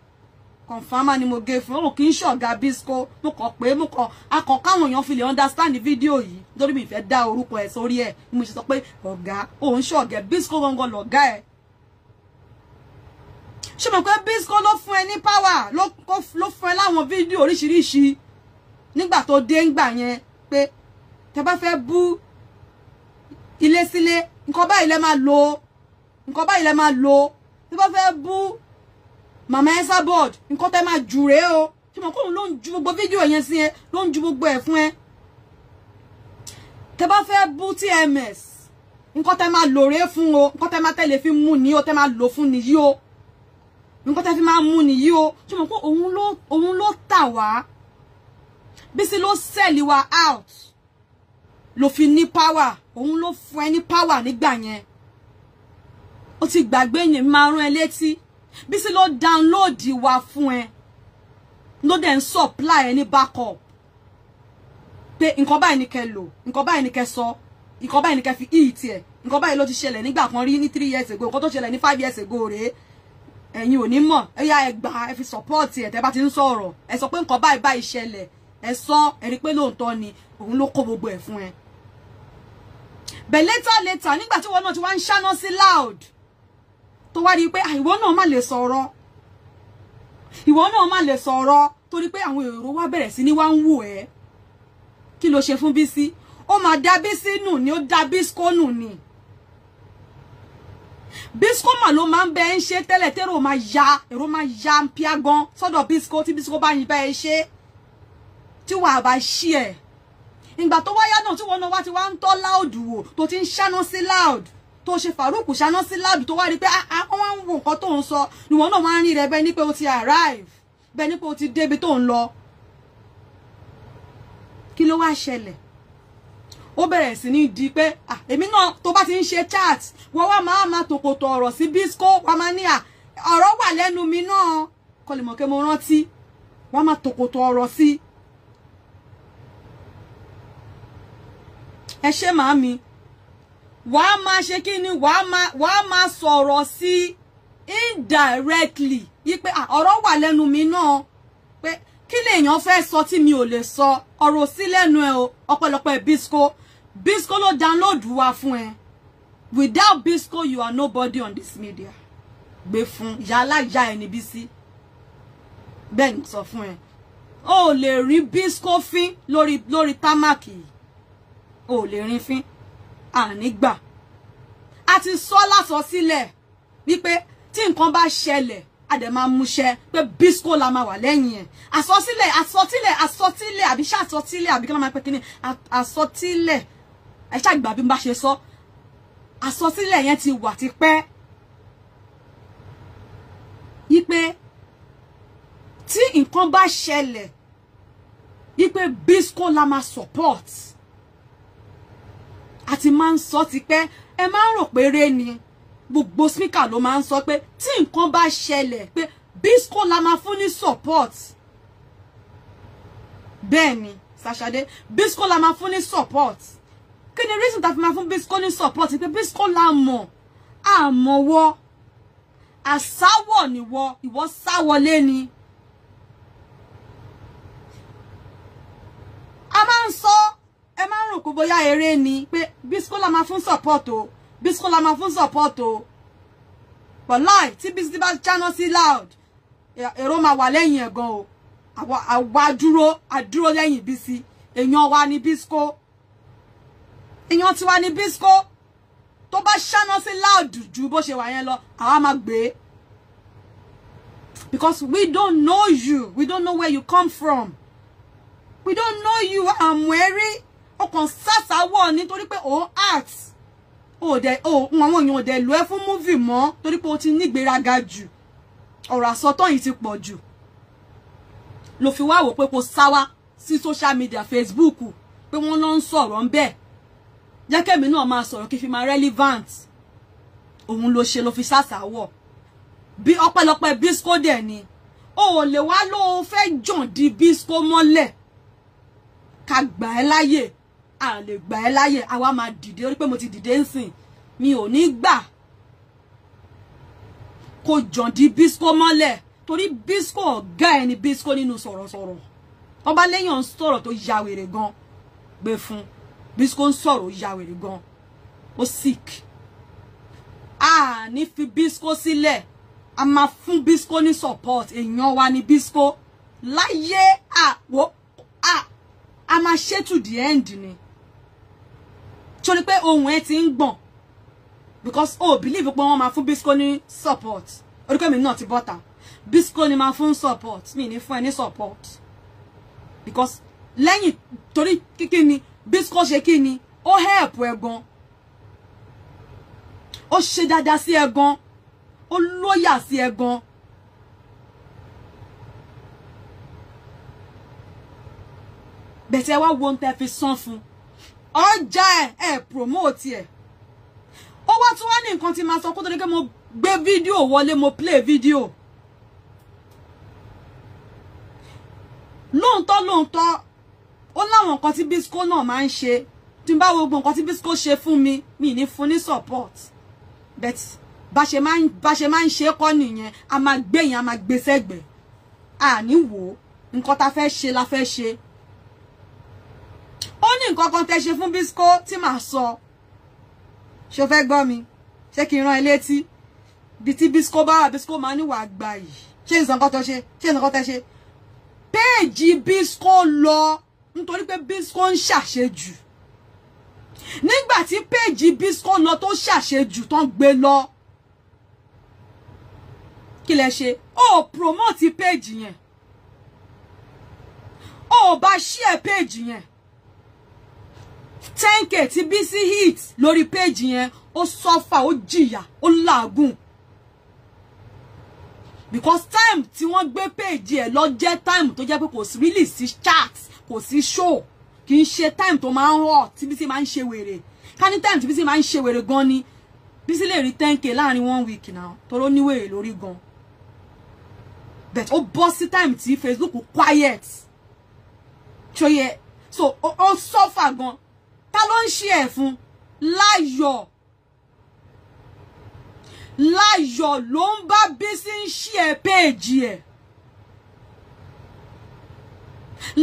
kọ̀nfàmà ni mo gé fún ọ kì í ṣọ̀gá bisco mo kàn pé mo kàn akọ̀ káwọn èèyàn fi lè understand fídíò yìí nítorí mi fẹ́ dá orúkọ ẹ̀ sórí ẹ̀ mo ṣe sọ pé ọ̀gá òun ṣọ̀gá bisco gangan lọ̀gá ẹ̀ ṣe mọ̀ pé bisco ló fún ẹ ní power ló fún ẹ láwọn fídíò oríṣiríṣi nígbà tó dé ńgbà yẹn pé tẹ bá fẹ́ bú ilé sílé nǹkan báyìí lẹ máa lò nǹkan báyìí lẹ máa lò tí bá fẹ́ bú màmá ẹsà board nǹkan tẹ máa jù rèé o tí mo kóun ló ń ju gbogbo fídíò yẹn sí ẹ ló ń ju gbogbo ẹ fún ẹ tẹ bá fẹ́ bú tms nǹkan tẹ máa lò rèé fún o nǹkan tẹ máa tẹ̀lé fi mú ni o tẹ máa lò fún nìyí o nǹkan tẹ́ fi máa mú nìyí o tí mo kó òun ló òun ló tà wá Bísí ló sẹ́ẹ̀lì wa out Lo fi ní power òun lo fún ẹ ní power nígbà yẹn ó ti gbàgbé yẹn máa rán ẹ létí Bísí ló download wa fún ẹ ló dẹ̀ supply any backup Pe, nǹkan báyìí ni kẹ lò nǹkan báyìí ni kẹ sọ nǹkan báyìí ni kẹ fi hit ẹ nǹkan báyìí ló ti ṣẹlẹ̀ nígbà kan rí ní three years ago nǹkan tó ṣẹlẹ̀ ní five years ago rèé ẹ̀yin ò ní mọ̀ ẹ yá fi support ẹ̀ tẹ́ bá ti ń sọ̀rọ̀ ẹ sọ pé nǹkan báyìí báyìí ṣẹlẹ̀ ẹ sọ ẹ rí pé lóòótọ́ ni òun ló kó gbogbo ẹ̀ fún ẹ but later later nígbà tí ìwọ náà ti wá ń ṣáná sí loud tó wá rí i pé ah, ìwọ náà má lè sọ̀rọ̀ ìwọ náà má lè sọ̀rọ̀ torí pé àwọn èrò wá bẹ̀rẹ̀ sí ní wá ń wò ẹ́ kí ló ṣe fún Bísí ó máa dá Bísí nù ni ó dá Bísíkó nù ni Bísíkó mà ló máa ń bẹ ń ṣe tẹ́lẹ̀ tẹ́rọ máa ya èrò máa ya ń pia gan sọ́dọ̀ Bísíkó tí Bísíkó bá yin bá ẹ ṣe tí wàá bá ṣí ẹ̀ ìgbà tó wáyá náà tí wọn náà wá ti wá ń tọ́ láòdù wò tó ti ń ṣáná sí láòdù tó ṣe Farouk ṣáná sí láòdù tó wá rí pé àwọn ah, ah, wá ń wo nǹkan tó ń sọ ni wọn náà máa ń rí rẹ bẹ́ẹ̀ ni pé o ti arrive bẹ́ẹ̀ ni pé o ti débi tó ń lọ kí ló wá ṣẹlẹ̀ ó bẹ̀rẹ̀ sí ní di pé ah, èmi náà tó bá ti ń ṣe chat wọ́n wá máa ma tòkòtò ọ̀rọ̀ sí Bisco wọ́n máa ní à ọ̀rọ̀ wà lẹ́nu mi náà kọlìmọ̀kẹ́ mo rántí wọ́n máa tòkòtò ọ̀rọ̀ sí i ẹ ṣe màámi wàá máa ṣe kí ni wàá máa sọ̀rọ̀ sí indirectly yí pé ọ̀rọ̀ wà lẹ́nu mi náà pé kí lèèyàn fẹ́ sọ tí mi ò lè sọ ọ̀rọ̀ sí lẹ́nu ẹ o ọ̀pọ̀lọpọ̀ Bisco Bisco ló download wa fún ẹ without Bisco you are nobody on this media gbé fún yàrá ìyá ẹni bí sí bẹ́ẹ̀ ni sọ fún ẹ o ò lè rí Bisco fín lórí lórí támàkì yìí ò lè rinfin, fín àní gbà a ti sọ lásọ sílẹ̀ wípé tí nǹkan bá ṣẹlẹ̀ a dẹ̀ máa múṣẹ pé bisco la máa wà lẹ́yìn ẹ̀ àsọtílẹ̀ àsọtílẹ̀ àsọtílẹ̀ àbí ṣá àsọtílẹ̀ àbí kí ló máa pẹ́ kí ni àsọtílẹ̀ ẹ ṣá ìgbà bí n bá ṣe sọ àsọtílẹ̀ yẹn ti wà tipẹ́ wípé tí nǹkan bá ṣẹlẹ̀ wípé bisco la máa support àti máa ń sọ ti pẹ́ ẹ máa ń rò pé eré ni gbogbo speaker ló máa ń sọ pé tí nǹkan bá ṣẹlẹ̀ pé Bisco la máa fún ní support bẹ́ẹ̀ ni sàṣàdé Bisco la máa fún ní support kí ni reason ta fi máa fún Bisco ní support pé Bisco la mọ̀ àmọ́wọ́ àsáwọ̀ nìwọ ìwọ sáwọlé ni. a máa ń sọ ẹ má rò pé bóyá eré ni pé Bisiko la máa fún support o Bisiko la máa fún support o but láì tí Bisiko bá jáná sí loud èrò máa wà lẹ́yìn ẹ̀ gan o àwa dúró àdúró lẹ́yìn Bisi èèyàn wa ni Bisiko èèyàn tiwa ni Bisiko tó bá ṣáná sí loud ju bó ṣe wà yẹn lọ àwa máa gbé because we don't know you we don't know where you come from we don't know you Amweri ó kàn sàsáwọ̀ nítorí pé òun art àwọn èèyàn o de lò ẹ́ fún múvì mọ́ torí pé o ti nígbéraga jù ọ̀rọ̀ àsọtọ́ yìí ti pọ̀ jù ló fi wá wò pé kò sáwá sí social media Facebook pe wọ́n lọ ń sọ̀rọ̀ ń bẹ̀ jẹ́ kẹ́mi náà máa sọ̀rọ̀ kí n fi máa relevant òun ló ṣe ló fi sàsáwọ̀ bí ọpẹ́lọpẹ́ Bisco dẹ̀ ni o ò lè wá ló fẹ́ di Bisco mole ká gbà ẹ́ láyè a lè gbà ẹ́ láyè àwa máa dìde ó pé mo ti dìde ń sìn mi ò ní gbà kó jọ̀ǹdí Bisco mọ́lẹ̀ torí Bisco ọ̀gá ẹ̀ ni Bisco nínú sọ̀rọ̀sọ̀rọ̀ ọba lẹ́yìn ọ̀hún sọ̀rọ̀ tó ya wèrè gan gbé fún Bisco ń sọ̀rọ̀ ya wèrè gan ó sick a ní fi Bisco sílẹ̀ a máa fún Bisco ní support èèyàn wa ní Bisco láyé àwọ̀ a a máa to the end ni torí pé ohun ẹ ti ń gbọ̀n because o oh, believe pé wọ́n máa fún Bisco ní support orúkọ mi náà ti bọ́ta Bisco ni máa fún support mi ní fún ẹ ní support because lẹ́yìn torí kíkí ni Bisco ṣe kí ni ó help ẹ gan ó ṣe dáadáa sí ẹ gan ó lóyà sí ẹ gan. wá wo ń tẹ́ fi san fún un ọjà ẹ ẹ promote ẹ ó wá tún wá ní nǹkan tí máa sọ kó tó ní pé mo gbé fídíò wọlé mo play fídíò lóòótọ́ lóòótọ́ ó láwọn nǹkan tí Bisco náà máa ń ṣe tí n bá wo gbogbo nǹkan tí Bisco ṣe fún mi mi ní fún ní support Bet. bá ṣe máa ń bá ṣe máa ń ṣe kọ́ nìyẹn a máa gbé yẹn a máa gbé sẹ́gbẹ̀ẹ́ àní wò nǹkan tá fẹ́ ṣe la fẹ́ ṣe ó ní nǹkan kan tẹ́ ṣe fún Bisco tí màá sọ ṣé o fẹ́ gbọ́ mi ṣé kí n rán ẹ létí bí tí Bisco bá wà Bisco máa níwà àgbà yìí ṣé nǹkan kan tẹ́ ṣe ṣé nǹkan kan tẹ́ ṣe péèjì Bisco lọ nítorí pé Bisco ń ṣàṣejù nígbà tí péèjì Bisco lọ tó ṣàṣejù tán gbé lọ kí lẹ ṣe ó promote péèjì yẹn ó bá ṣí péèjì yẹn ten k ti Bisi hit lórí péjì yẹn o sọ́fà o jìyà ó làágùn because time tí wọ́n gbé péjì ẹ̀ lọ jẹ́ time to jẹ́ pé kò sí really sí chat kò sí show kì í time to máa ń hot tí Bisi máa ń ṣe wèrè ká ní time tí Bisi máa ń ṣe wèrè gan ni Bisi lè rí ten k láàrin one week náà toró níwèrè lori gan but o bọ́ time tí Facebook quiet ṣòye so o sọ́fà gan ta ló ń ṣe ẹ̀ fún láyọ̀ láyọ̀ ló ń bá Bísí ń ṣe ẹ̀ péèjì ẹ̀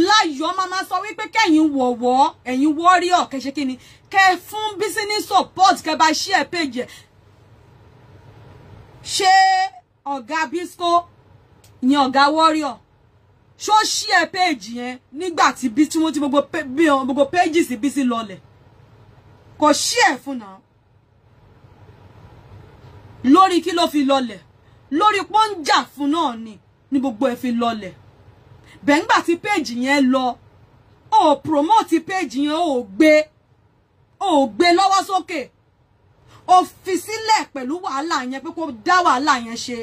láyọ̀ mama sọ wípé kẹ́yìn wọ̀wọ́ ẹ̀yin wọ́ríọ̀ kẹ́ ṣe kí ni kẹ́ fún Bísí ní support kẹ́ bá ṣe ẹ̀ péèjì ẹ̀ ṣé ọ̀gá Bisco ni ọ̀gá wọ́ríọ̀ ṣó ṣí ẹ péèjì yẹn nígbà tí bí tí wọ́n ti gbogbo péèjì sí bí sí lọlẹ̀ kò ṣí ẹ fún náà lórí kí ló fi lọlẹ̀ lórí pọ́ńjà fún náà ni ni gbogbo ẹ fi lọlẹ̀ bẹ́ńgbà tí péèjì yẹn lọ ò promote péèjì yẹn ò gbé ò gbé lọ́wọ́ sókè ò fi sílẹ̀ pẹ̀lú wàhálà yẹn pé kó dá wàhálà yẹn ṣe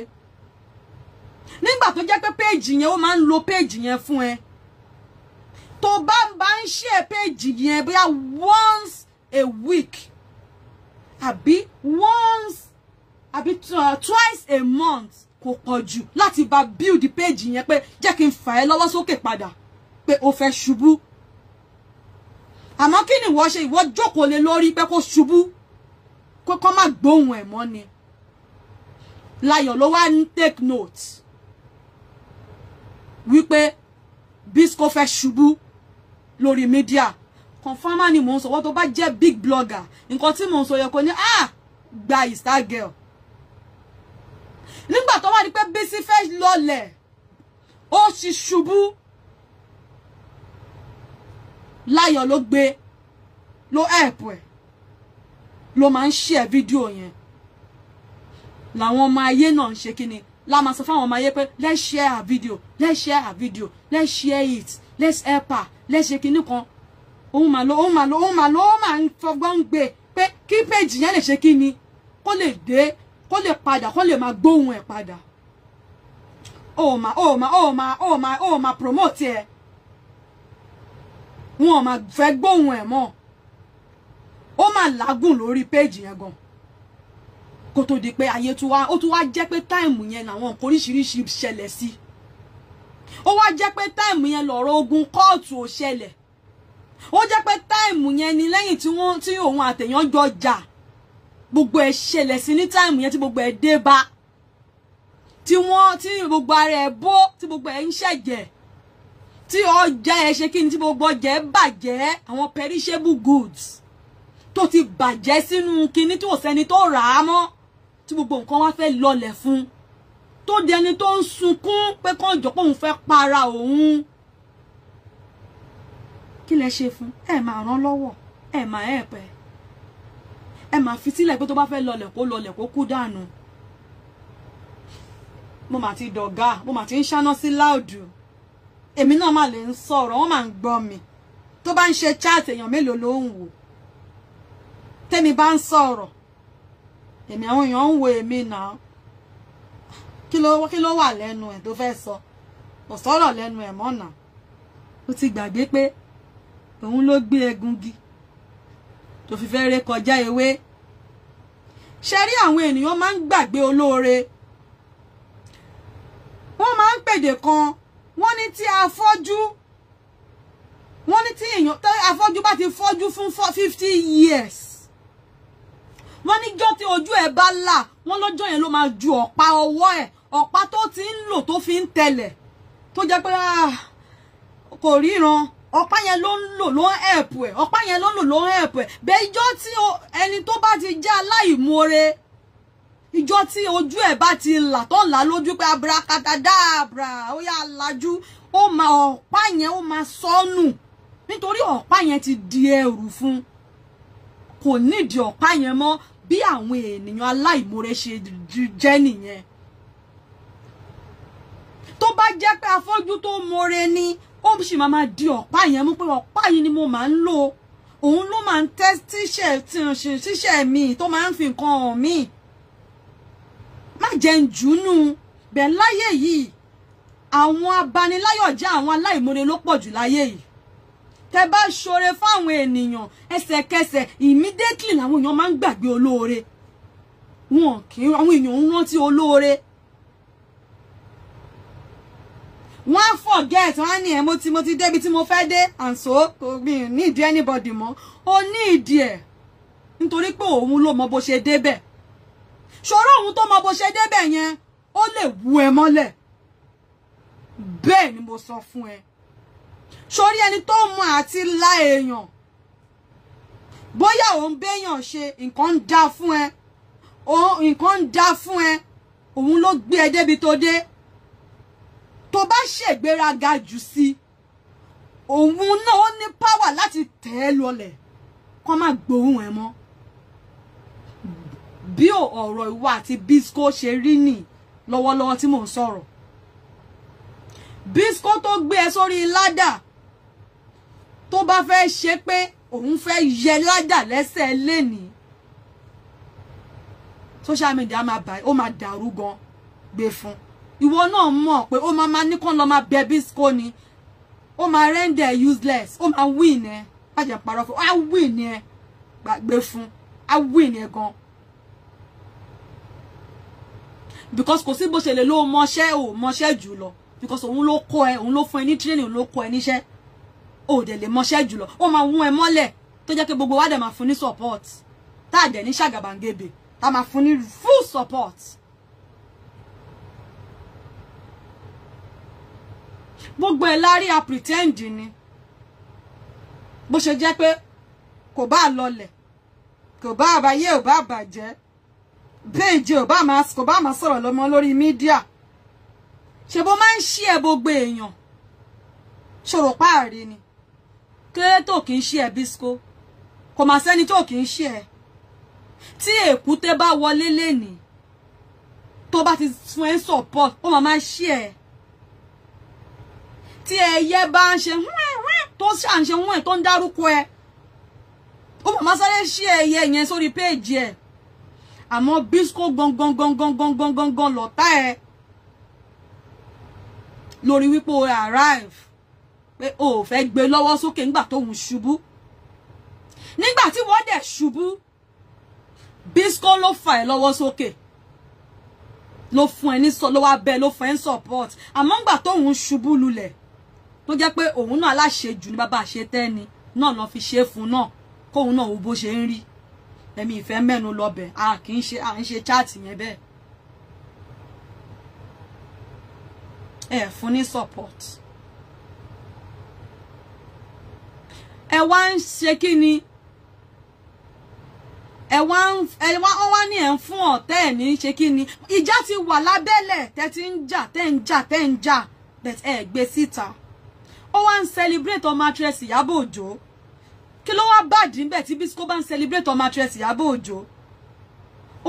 nígbà tó jẹ́ pé péèjì yẹn ó máa ń lo péèjì yẹn fún ẹ tó bá ń bá ń ṣe péèjì yẹn bóyá once a week àbí once àbí uh, twice a month kò pọ̀ jù láti bá build péèjì yẹn pé jẹ́ kí n fà ẹ́ lọ́wọ́ sókè padà pé o fẹ́ ṣubú àmọ́ kí ni ìwọ ṣe ìwọ jókòó lé lórí pé kó ṣubú pé kó má gbóhùn ẹ̀ mọ́ ni Láyọ̀ ló wá ń take note wípé Bisco fẹ́ ṣubú lórí mídíà kọ̀nfámà ni mò ń sọ wọ́n tó bá jẹ́ big blogger nǹkan tí mò ń sọ yẹ kó ní ah gba star girl nígbà tó wà ní pé Bisi fẹ́ lọlẹ̀ ó sì ṣubú láyọ̀ ló gbé ló ẹ̀pù ẹ̀ ló máa ń ṣe ẹ̀ fídíò yẹn làwọn ọmọ ayé náà ń ṣe kí ni la máa sọ fáwọn ọmọ ayé let's share her video let's share her video let's share it let's help her let's ṣe kinní kan òun mà ló òun mà ló òun mà ló òun mà ń fọgbọ́n gbé pé kí péjì yẹn lè ṣe kí ni kó lè dé kó pada. padà kó lè máa gbóhùn ẹ̀ padà ó mà ó mà ó mà ó mà ó mà promote ẹ̀ wọn ò mà fẹ́ gbóhùn ẹ̀ mọ́ ó mà lágùn lórí péjì yẹn gan kó tó di pé ayé tún wá ó tún wá jẹ́ pé táìmù yẹn làwọn nǹkan oríṣiríṣi ṣẹlẹ̀ sí ó wá jẹ́ pé táìmù yẹn lọ̀rọ̀ ogun kóòtù ò ṣẹlẹ̀ ó jẹ́ pé táìmù yẹn ni lẹ́yìn tí wọ́n tí òun àtẹ̀yàn jọ jà gbogbo ẹ̀ ṣẹlẹ̀ sí ní táìmù yẹn tí gbogbo ẹ̀ dé bá tí wọ́n tí gbogbo ara ẹ̀ bó tí gbogbo ẹ̀ ń ṣẹ̀jẹ̀ tí ọjà ẹ̀ ṣe kí ni tí gbogbo ọjà ẹ̀ bàjẹ́ àwọn perishable goods tó ti bàjẹ́ sínú kinní tí ò sẹ́ni tó rà mọ́ tí gbogbo nǹkan wá fẹ́ lọlẹ̀ fún tó di ẹni tó ń sunkún pé kán jọ pé òun fẹ́ para òun kí lẹ ṣe fún ẹ máa ràn lọ́wọ́ ẹ máa ẹ pẹ́ ẹ máa fi sílẹ̀ pé tó bá fẹ́ lọlẹ̀ kó lọlẹ̀ kó kú dànù mo mà ti dọ̀gá mo mà ti ń ṣáná sí láòdù èmi náà mà lè ń sọ̀rọ̀ wọ́n mà ń gbọ́ mi tó bá ń ṣe chat èèyàn mélòó ló ń wò tẹ́mi bá ń sọ̀rọ̀ èmi àwọn èèyàn ń wo èmi náà kí ló kí ló wà lẹ́nu ẹ̀ tó fẹ́ sọ kò sọ̀rọ̀ lẹ́nu ẹ̀ mọ́nà ó ti gbàgbé pé òun ló gbé egungi tó fi fẹ́ ré kọjá ewé ṣe rí àwọn ènìyàn máa ń gbàgbé olóore wọ́n máa ń pèdè kan wọ́n ní tí afọ́jú wọ́n ní tí èèyàn afọ́jú bá ti fọ́jú fún fifty years wọ́n níjọ́ tí ojú ẹ̀ bá là wọ́n lọ́jọ́ yẹn ló máa ju ọ̀pá ọwọ́ ẹ̀ ọ̀pá tó ti ń lò tó fi ń tẹlẹ̀ tó jẹ́ pé ah, kò ríran ọ̀pá yẹn ló ń lò ló ń ẹ̀pù ẹ̀ ọ̀pá yẹn ló ń lò ló ń ẹ̀pù ẹ̀ bẹ́ẹ̀ ìjọ́ tí ẹni tó bá ti jẹ́ aláìmoore ìjọ́ tí ojú ẹ̀ bá ti là tó là lójú pé abrakadada ó yà lajú ó máa ọ̀pá yẹn ó máa sọnù nítorí ọ̀pá yẹn ti di ẹrù fún un kò nídìí ọ̀pá yẹn mọ́ bí àwọn ènìyàn aláìmoore ṣe jẹ́ nìyẹn tó bá jẹ́ pé afọ́jú tó moore ni ó sì máa máa di ọ̀pá yẹn mú pé ọ̀pá yìí ni mo máa ń lò òun ló máa ń tẹ́ tíṣẹ̀ mi tó máa ń fi nǹkan hàn mí má jẹ́ ń jùúnú bẹ́ẹ̀ láyé yìí àwọn abaniláyọ̀jẹ́ àwọn aláìmoore ló pọ̀ jù láyé yìí tẹ bá ṣoore fáwọn ènìyàn ẹsẹ̀kẹsẹ̀ immediately làwọn èèyàn máa ń gbàgbé olóore wọn kì í àwọn èèyàn ń rántí olóore wọn á forget wọn á ní ẹ mo ti mo ti débi tí mo fẹ́ dé and so kò mi ní ìdí anybody mọ́ o ní ìdí ẹ̀ nítorí pé òun ló mọ bó ṣe débẹ̀ ṣòro òun tó mọ bó ṣe débẹ̀ yẹn ó lè wú ẹ mọ́lẹ̀ bẹ́ẹ̀ ni mo sọ fún ẹ sórí ẹni tó mọ àti la èèyàn bóyá òun béèyàn ṣe nǹkan ń da fún ẹ nǹkan ń da fún ẹ òun ló gbé ẹ débi tó dé tó bá ṣègbéraga jù sí òun náà ó ní páwà láti tẹ̀ ẹ́ lọlẹ̀ kó má gbóhùn ẹ mọ́ bí ọ̀rọ̀ ìwà àti Bisco ṣe rí nì lọ́wọ́lọ́wọ́ tí mò ń sọ̀rọ̀ Bisco tó gbé ẹ sórí ládàá tó bá fẹ́ ṣe pé òun fẹ́ yẹ ládà lẹ́sẹ̀ lẹ́nìí social media máa bá ó máa dàrú gan gbé fún ìwọ náà mọ̀ pé ó máa máa níkan lọ máa bẹ bísíkò ni ó máa render useless ó máa win ẹ bàjẹ́ parọ́ fún á win ẹ gbàgbé fún á win ẹ gan because kò sí bó ṣe lè ló mọṣẹ́ ò mọṣẹ́ jù lọ because òun ló kọ́ ẹ òun ló fún ẹ ní training òun ló kọ́ ẹ níṣẹ́ o ò dẹ̀ lè mọṣẹ́ jùlọ ó máa wún ẹ mọ́lẹ̀ tó jẹ́ pé gbogbo wa dẹ̀ máa fún ní support tá a dẹ̀ ní ṣàgàbàǹgebè ma a máa full support. gbogbo ẹ̀ lárí a pretend ni bó ṣe jẹ́ pé kò bá lọlẹ̀ kò bá àbáyé ò bá bàjẹ́ péèjì ò bá máa kò bá máa sọ̀rọ̀ lọ́mọ lórí mídíà ṣe bó máa ń ṣí ẹ gbogbo èèyàn ṣòro páàrí ni kéré tó kì í ṣe ẹ bísíkó kò mà sẹ́ni tó kì í ṣe ẹ tí èkúté bá wọlé lẹ́nìí tó bá ti fún ẹ support ó máa máa ṣe ẹ tí ẹyẹ bá ń ṣe tó ṣàǹṣe wọn ẹ tó ń dárúkọ ẹ ó máa máa sáré ṣe ẹyẹ yẹn sórí péèjì ẹ àmọ́ bísíkó gbọngbọngbọngbọngbọngbọngbọn lọtá ẹ lórí wípé o arrive pé o ò fẹ́ gbé lọ́wọ́ sókè nígbà tóun ṣubú nígbà tí wọ́n dẹ̀ ṣubú Bisco ló fà ẹ́ lọ́wọ́ sókè ló fún ẹ ní sọ ló wá bẹ ló fún ẹ ní support àmọ́ nígbà tóun ṣubú lulẹ̀ tó jẹ́ pé òun náà aláṣejù ní bàbá àṣetẹ́ni náà lọ fi ṣe fún náà kóun náà wo bó ṣe ń rí èmi ìfẹ́ mẹ́nu lọ́bẹ̀ a kì í ṣe à ń ṣe chaati yẹn bẹ́ẹ̀ ẹ fún ní support. ẹ wá ń ṣe kí ni ẹ wá ń ẹ wá wọn wá ní ẹ ń fún ọ̀tẹ̀ ẹ ní ṣe kí ni ìjà ti wà lábẹ́lẹ̀ tẹ́ ti ń jà tẹ́ ń jà tẹ́ ń jà but ẹ gbé síta ó wá ń celebrate ọmọ atrẹ́sì Ìyábọ̀ Òjó kí ló wá bàdí níbẹ̀ tí Bisco bá ń celebrate ọmọ atrẹ́sì Ìyábọ̀ Òjó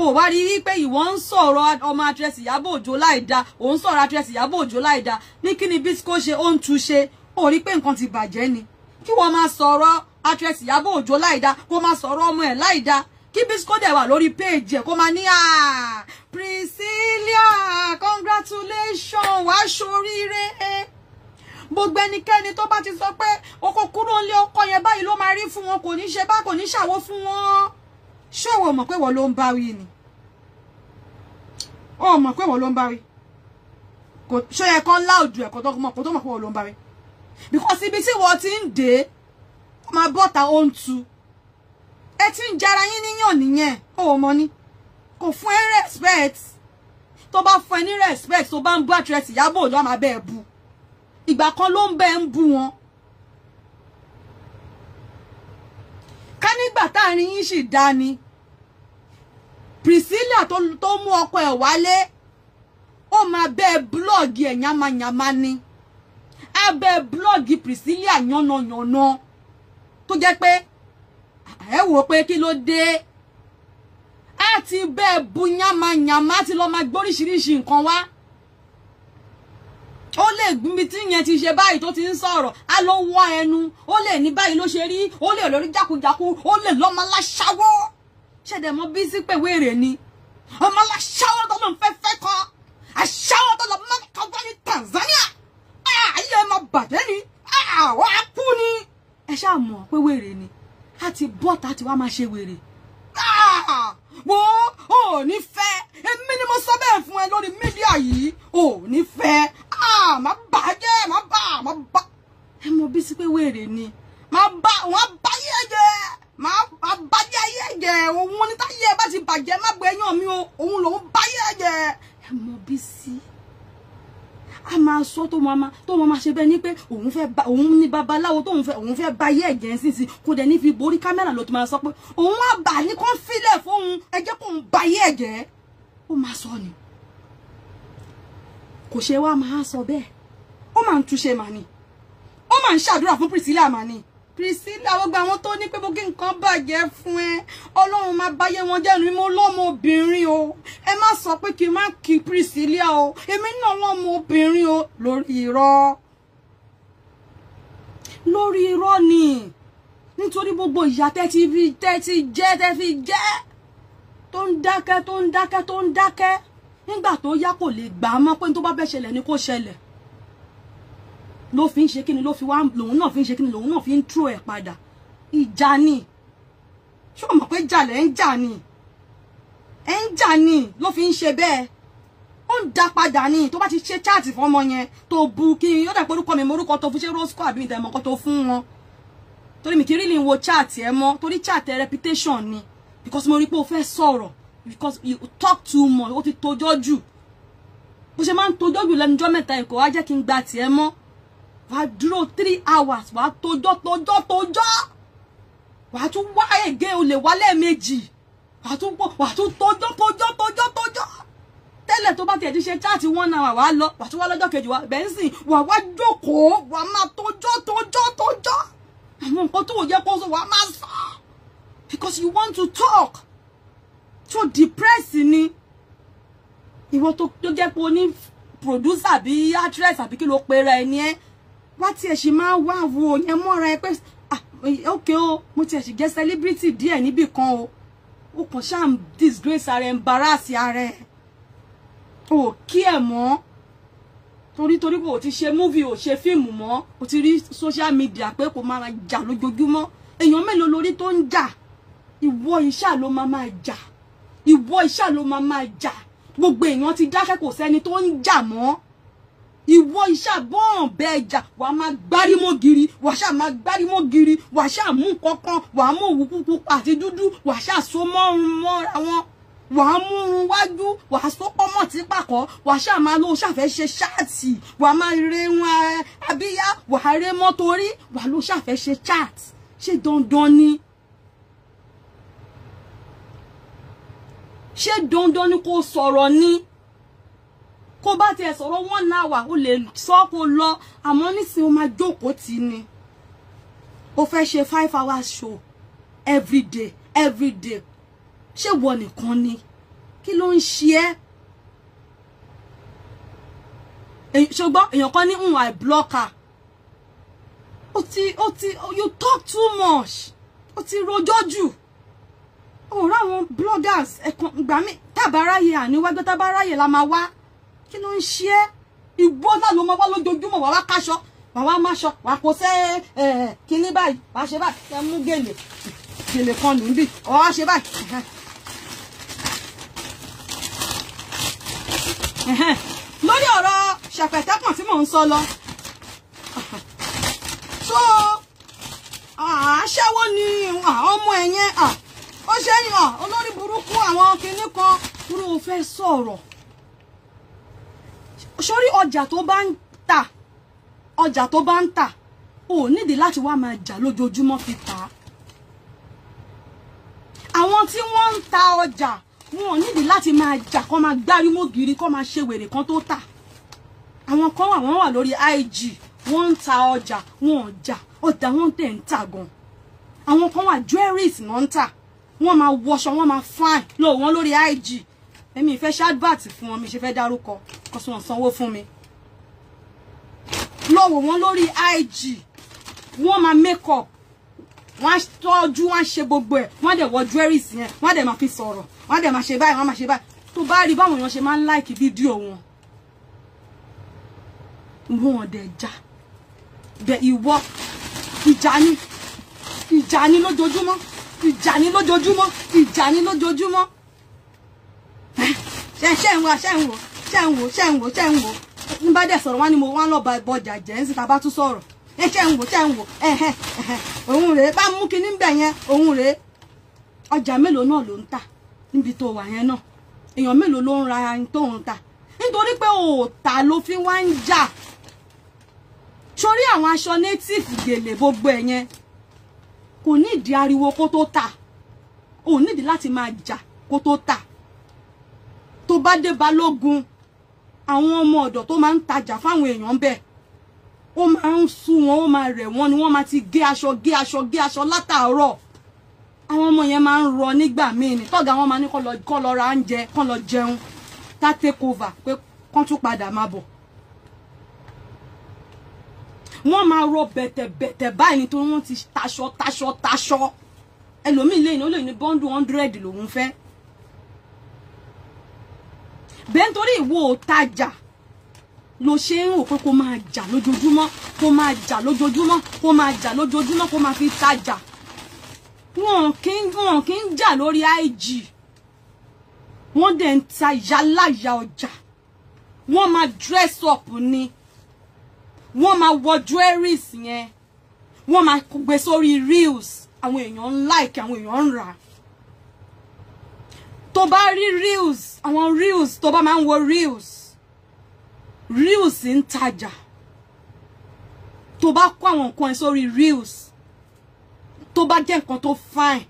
ó wá rí i pé ìwọ ń sọ̀rọ̀ ọmọ atrẹ́sì Ìyábọ̀ Òjó láìda òun sọ̀rọ̀ atrẹ́sì Ìyábọ̀ Òjó láìda ní kí ni Bisco ṣe ó ń tu ṣe ó rí pé nǹkan ti bàjẹ́ ni kí wọ́n máa sọ̀rọ̀ actress Ìyábọ̀ Òjó láìda kó máa sọ̀rọ̀ ọmọ ẹ̀ láìda kí Bisco wà lórí péèjì ẹ̀ kó máa ní ah, Priscilla congratulations wàá ṣoríire gbogbo ẹnikẹ́ni tó bá ti sọ pé oko kúrò nílé ọkọ yẹn báyìí ló máa rí fún wọn kò ní ṣe bá kò ní ṣàwó fún wọn ṣé mọ̀ pé wọ́n ló ń bá ni o mọ̀ pé wọ́n ló ń bá wí ṣó yẹ kán láòdù ẹ̀kọ́ tó mọ̀ pé wọ́n ló ń bá because ibi tí wọ́n ti ń dé máa bọ́ta ó ń tu ẹ ti ń jara yín níyàn nìyẹn ó mọ̀ ni kò fún respect To bá fún ẹ ní respect tó bá ń bú àtúrẹ́sì Ìyábọ̀ Òjó máa bẹ́ẹ̀ bu ìgbà kan ló ń bẹ́ẹ̀ ń bu wọn. ká nígbà táàrin yín sì dá ni Priscilla tó mú ọkọ ẹ̀ wálé ó máa bẹ́ẹ̀ búlọ́ọ̀gì ẹ̀ yamayama ni abẹ́ blọ́ọ̀gì Priscilla yánnayànna tó jẹ́ pé ẹ wò ó pé kí ló dé ẹ ti bẹ́ẹ̀ bu yánmayànmá ti lọ́ọ́ máa gbóríṣiríṣi nǹkan wá ó lè gbúmi tí yẹn ti ṣe báyìí tó ti ń sọ̀rọ̀ á ló wọ́ ẹnu ó lè ní báyìí ló ṣe rí ó lè lórí jákujàku ó lè lọ́mọ aláṣáwó bí sí pé ni ọmọ aláṣáwó tó ló ń fẹ́ fẹ́ kan àṣáwó tó lọ́ mọ́ kọ́gbọ́n ní Tanzania ayé ẹ máa bàjẹ́ ni àwọn á kú ni ẹ ṣáà mọ̀ pé wèrè ni a ti bọ́ta ti wá máa ṣe wèrè wo ò ní fẹ́ èmi ni mo sọ bẹ́ẹ̀ fún ẹ lórí mídíà yìí ò ní fẹ́ má bàjẹ́ má bà má bà ẹ mọ bí sí pé wèrè ni má bà wọn bá yẹ jẹ má bá yẹ yẹ jẹ òun níta yẹ bá ti bàjẹ́ má gbẹ̀yàn mi o òun lòún bá yẹ jẹ ẹ mọ bí sí a máa sọ tó máa tó máa ṣe bẹ́ẹ̀ ni pé òun fẹ́ ba òun ní babaláwo tóun fẹ́ òun fẹ́ ba ayé ẹ̀jẹ̀ sísìn kò dẹ̀ ní fi borí kámẹ́rà ló ti máa sọ pé òun á bà ní kó ń filẹ̀ fóun ẹ jẹ́ kóun ba ayé ẹ̀jẹ̀ ó máa sọ ni kò ṣe wá máa sọ bẹ́ẹ̀ ó máa ń túṣe màní ó máa ń ṣàdúrà fún Priscilla màní Priscilla gbogbo àwọn tó ní pé mo kí nǹkan bàjẹ́ fún ẹ ọlọ́run máa báyé wọn jẹ́ ní mo lọ́mọbìnrin o ẹ má sọ pé kí n má kí Priscilla o èmi náà lọ́mọbìnrin o lórí irọ́ lórí irọ́ ni nítorí gbogbo ìyà tẹ́ ti fi tẹ́ ti jẹ́ tẹ́ fi jẹ́ tó ń dákẹ́ tó ń dákẹ́ tó ń dákẹ́ nígbà tó yá kò lè gbà á mọ́ pé tó bá bẹ́ ṣẹlẹ̀ ni kò ṣẹlẹ̀ ló fi ń ṣe kíni ló fi wá lòun náà fi ń ṣe kíni lòun náà fi ń tró ẹ̀ padà ìjà ni ṣé o mọ̀ pé jalè ń jà ni ẹ̀ ń jà ni ló fi ń ṣe bẹ́ẹ̀ ó ń da padà ni tó bá ti ṣe chaati fún ọmọ yẹn tó bu kí ni ó dàpọ̀ orúkọ mi mo orúkọ tó fún ṣé rosco àbí ìdààmú kan tó fún wọn torí mi kì í rí lè wo chaati ẹ mọ́ torí chaati reputation ni because mo rí pé o fẹ́ sọ̀rọ̀ because you talk too much o ti tojọ́ jù bó ṣe máa ń tojọ́ jù lẹ́nu jọ́ mẹ́ta ẹ̀kọ́ á jẹ́ kí n gba tiẹ̀ mọ́ wàá dúró three hours wàá tójọ́ tójọ́ tójọ́ wàá tún wá ègé olè wá lẹ́ẹ̀mejì wàá tún pọ̀ wàá tún tójọ́ tójọ́ tójọ́ tójọ́ tẹ́lẹ̀ tó bá tiẹ̀ ti ṣe chaati one hour wàá lọ wàá tún wá lọ́jọ́ kejì wa bẹ́ńsìn wàá wá jókòó wàá máa tójọ́ tójọ́ tójọ́ àwọn nǹkan tó wò jẹ́ kó sọ wàá máa sọ because you want to talk tó depress ni ìwọ tó jẹ́ pé o ní producer àbí actress àbí kí ló pe ra ẹni ẹ́ wá tiẹ̀ sì máa wá wo yẹn mọ́ra ẹ pé ókè o mo tiẹ̀ sì jẹ́ celebrity díẹ̀ níbì kan o o kàn ṣáà ń disgrace ara ẹ embarrass ara ẹ o kí ẹ mọ́ torí torí pé o ti ṣe movie o ṣe fíìmù mọ́ o ti rí social media pé kò máa jà lójoojúmọ́ èèyàn mélòó lórí tó ń jà ìwọ ìṣà ló máa máa jà ìwọ ìṣà ló máa máa jà gbogbo èèyàn ti dákẹ́ kò sẹ́ni tó ń jà mọ́ ìwọ iṣẹ́ àbọ̀n bẹ́ẹ̀jà wà á máa gbárímọ́ giri wà á ṣáà máa gbárímọ́ giri wà á ṣáà mú kankan wà á mú òwú kúkú àti dúdú wà á ṣáà so mọ́run mọ́ra wọn wà á mú un wájú wà á sọ́kọ́ mọ̀ tí pàkọ́ wà á ṣáà máa ló ṣàfẹ́ ṣe ṣáàtì wà á máa re wọn abíyá wà á re mọ́tò orí wà á ló ṣàfẹ́ ṣe ṣáàtì ṣé dandan ni. ṣé dandan ni kò sọ̀rọ̀ ni kó bá tiẹ̀ sọ̀rọ̀ one hour ó lè sọ kó lọ àmọ́ nísìnyí ó máa jókòó tì ní ó fẹ́ ṣe five hours show every day every day ṣé wọ nìkan ni kí ló ń ṣe ẹ́ ṣùgbọ́n èèyàn kan ní ń wà blọ́kà ó ti ó ti you talk too much ó ti rojọ́ jù òun ráwọn bloggers ẹ̀kan gbàmí tábàráyè àníwágbé tábàráyè la máa wá kí ló ń ṣe é ìgbó náà ló máa wá lójoojúmọ́ wàá wá káṣọ wàá wá máṣọ wàá kó sẹ́ ẹ̀ kínní báyìí wàá ṣe báyìí ẹ mú gèlè gèlè kan nù níbí wàá ṣe báyìí. lórí ọ̀rọ̀ ṣàpẹ̀tẹ́pọ̀n tí mò ń sọ lọ tó àṣẹ́wó ni ọmọ ẹ̀ yẹn ó ṣe ń olórí burúkú àwọn kinní kan fẹ́ sọ̀rọ̀ sórí ọjà tó bá ń tà ọjà tó bá ń tà ò nídìí láti wá máa jà lójoojúmọ́ fi tà á àwọn tí wọ́n ń ta ọjà wọn ò nídìí láti máa jà kó máa gbárí mọ́gìrì kó máa ṣe wèrè kan tó tà àwọn kan wà wọ́n wà lórí IG wọ́n ń ta ọjà wọn ò jà ọjà wọn tẹ̀ ń tà gan àwọn kan wà jewelries náà ń tà wọ́n máa wọṣọ wọ́n máa fine lọ lórí IG èmi ìfẹ́ ṣáàdbàtì fún wọn mi ṣe fẹ́ dárúkọ kọsí wọn sanwó fún mi lọ wò wọ́n lórí ig wọ́n máa make up wọ́n á tọ́jú wọ́n á ṣe gbogbo ẹ̀ wọ́n á dẹ̀ wọ jewelries yẹn wọ́n á dẹ̀ máa fi sọ̀rọ̀ wọ́n á dẹ̀ máa ṣe báyìí wọ́n á máa ṣe báyìí tó bá rí báwọn èèyàn ṣe máa ń láìkì fídíò wọn wọn ò dẹ̀ já bẹ̀ ìwọ ìjà ni ìjà ni lójoojúmọ́ ìjà ni lójoojúmọ́ ìjà ṣe ń wá ṣe ń wò ṣe ń wò ṣe ń wò ṣe ń wò ń bá dẹ̀ sọ̀rọ̀ wá ni mo wá ń lọ ba jẹ́ ń sì ta bá tún sọ̀rọ̀ ẹ ṣe ń wò ṣe ń wò ẹ̀hẹ̀ ẹ̀hẹ̀ òun rèé bá mú kinní bẹ̀ yẹn òun rèé ọjà mélòó náà ló ń tà níbi tó wà yẹn náà èèyàn mélòó ló ń ra tó ń tà nítorí pé òòtà ló fi wá ń jà sórí àwọn aṣọ native gèlè gbogbo ẹ̀ yẹn kò ní ariwo kó tó tà ò nídìí láti máa jà kó tó tà tó bá dé balógun àwọn ọmọ ọ̀dọ̀ tó máa ń tajà fáwọn èèyàn bẹ́ẹ̀ ó máa ń sú wọn ó máa rẹ̀ wọ́n ni wọ́n máa ti gé aṣọ gé aṣọ gé aṣọ látàárọ̀ àwọn ọmọ yẹn máa ń rọ nígbà míì ni tọ́gà wọn máa ní kọ́ lọ ra oúnjẹ kọ́ lọ jẹun tá take over pé kán tún padà máa bọ̀ wọ́n máa rọ bẹ̀tẹ̀bẹ̀tẹ̀ báyìí nítorí wọ́n ti taṣọ taṣọ taṣọ ẹlòmíì lẹ́yìn ó ní bọ́ńdù hundred lòún fẹ́ bẹ́ẹ̀ nítorí ìwọ ò tajà ló ṣe ń rò pé kó máa jà lójoojúmọ́ kó máa jà lójoojúmọ́ kó máa jà lójoojúmọ́ kó máa fi tajà wọn kì í wọn kì í jà lórí IG wọ́n dẹ̀ ń ta ìyáláyà ọjà wọ́n máa dress up ni wọ́n máa wọ jewelries yẹn wọ́n máa gbé sórí reels àwọn èèyàn ń like àwọn èèyàn ń rà á tó bá rí reels àwọn reels tó bá máa ń wo reels reels ń tajà tó bá kó àwọn nǹkan ẹ sórí reels tó bá jẹ́ nǹkan tó fine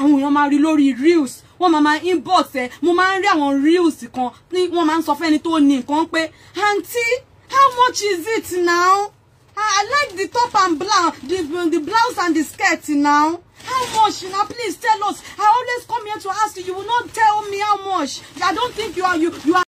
àwọn èèyàn máa rí lórí reels wọ́n máa máa inbox ẹ mo máa ń rí àwọn reels kan ní wọ́n máa ń sọ fẹ́ni tó ní nǹkan pé aunty how much is it now I, like the top and blouse the, the blouse and the skirt now How much? Now please tell us. I always come here to ask you. You will not tell me how much. I don't think you are you you are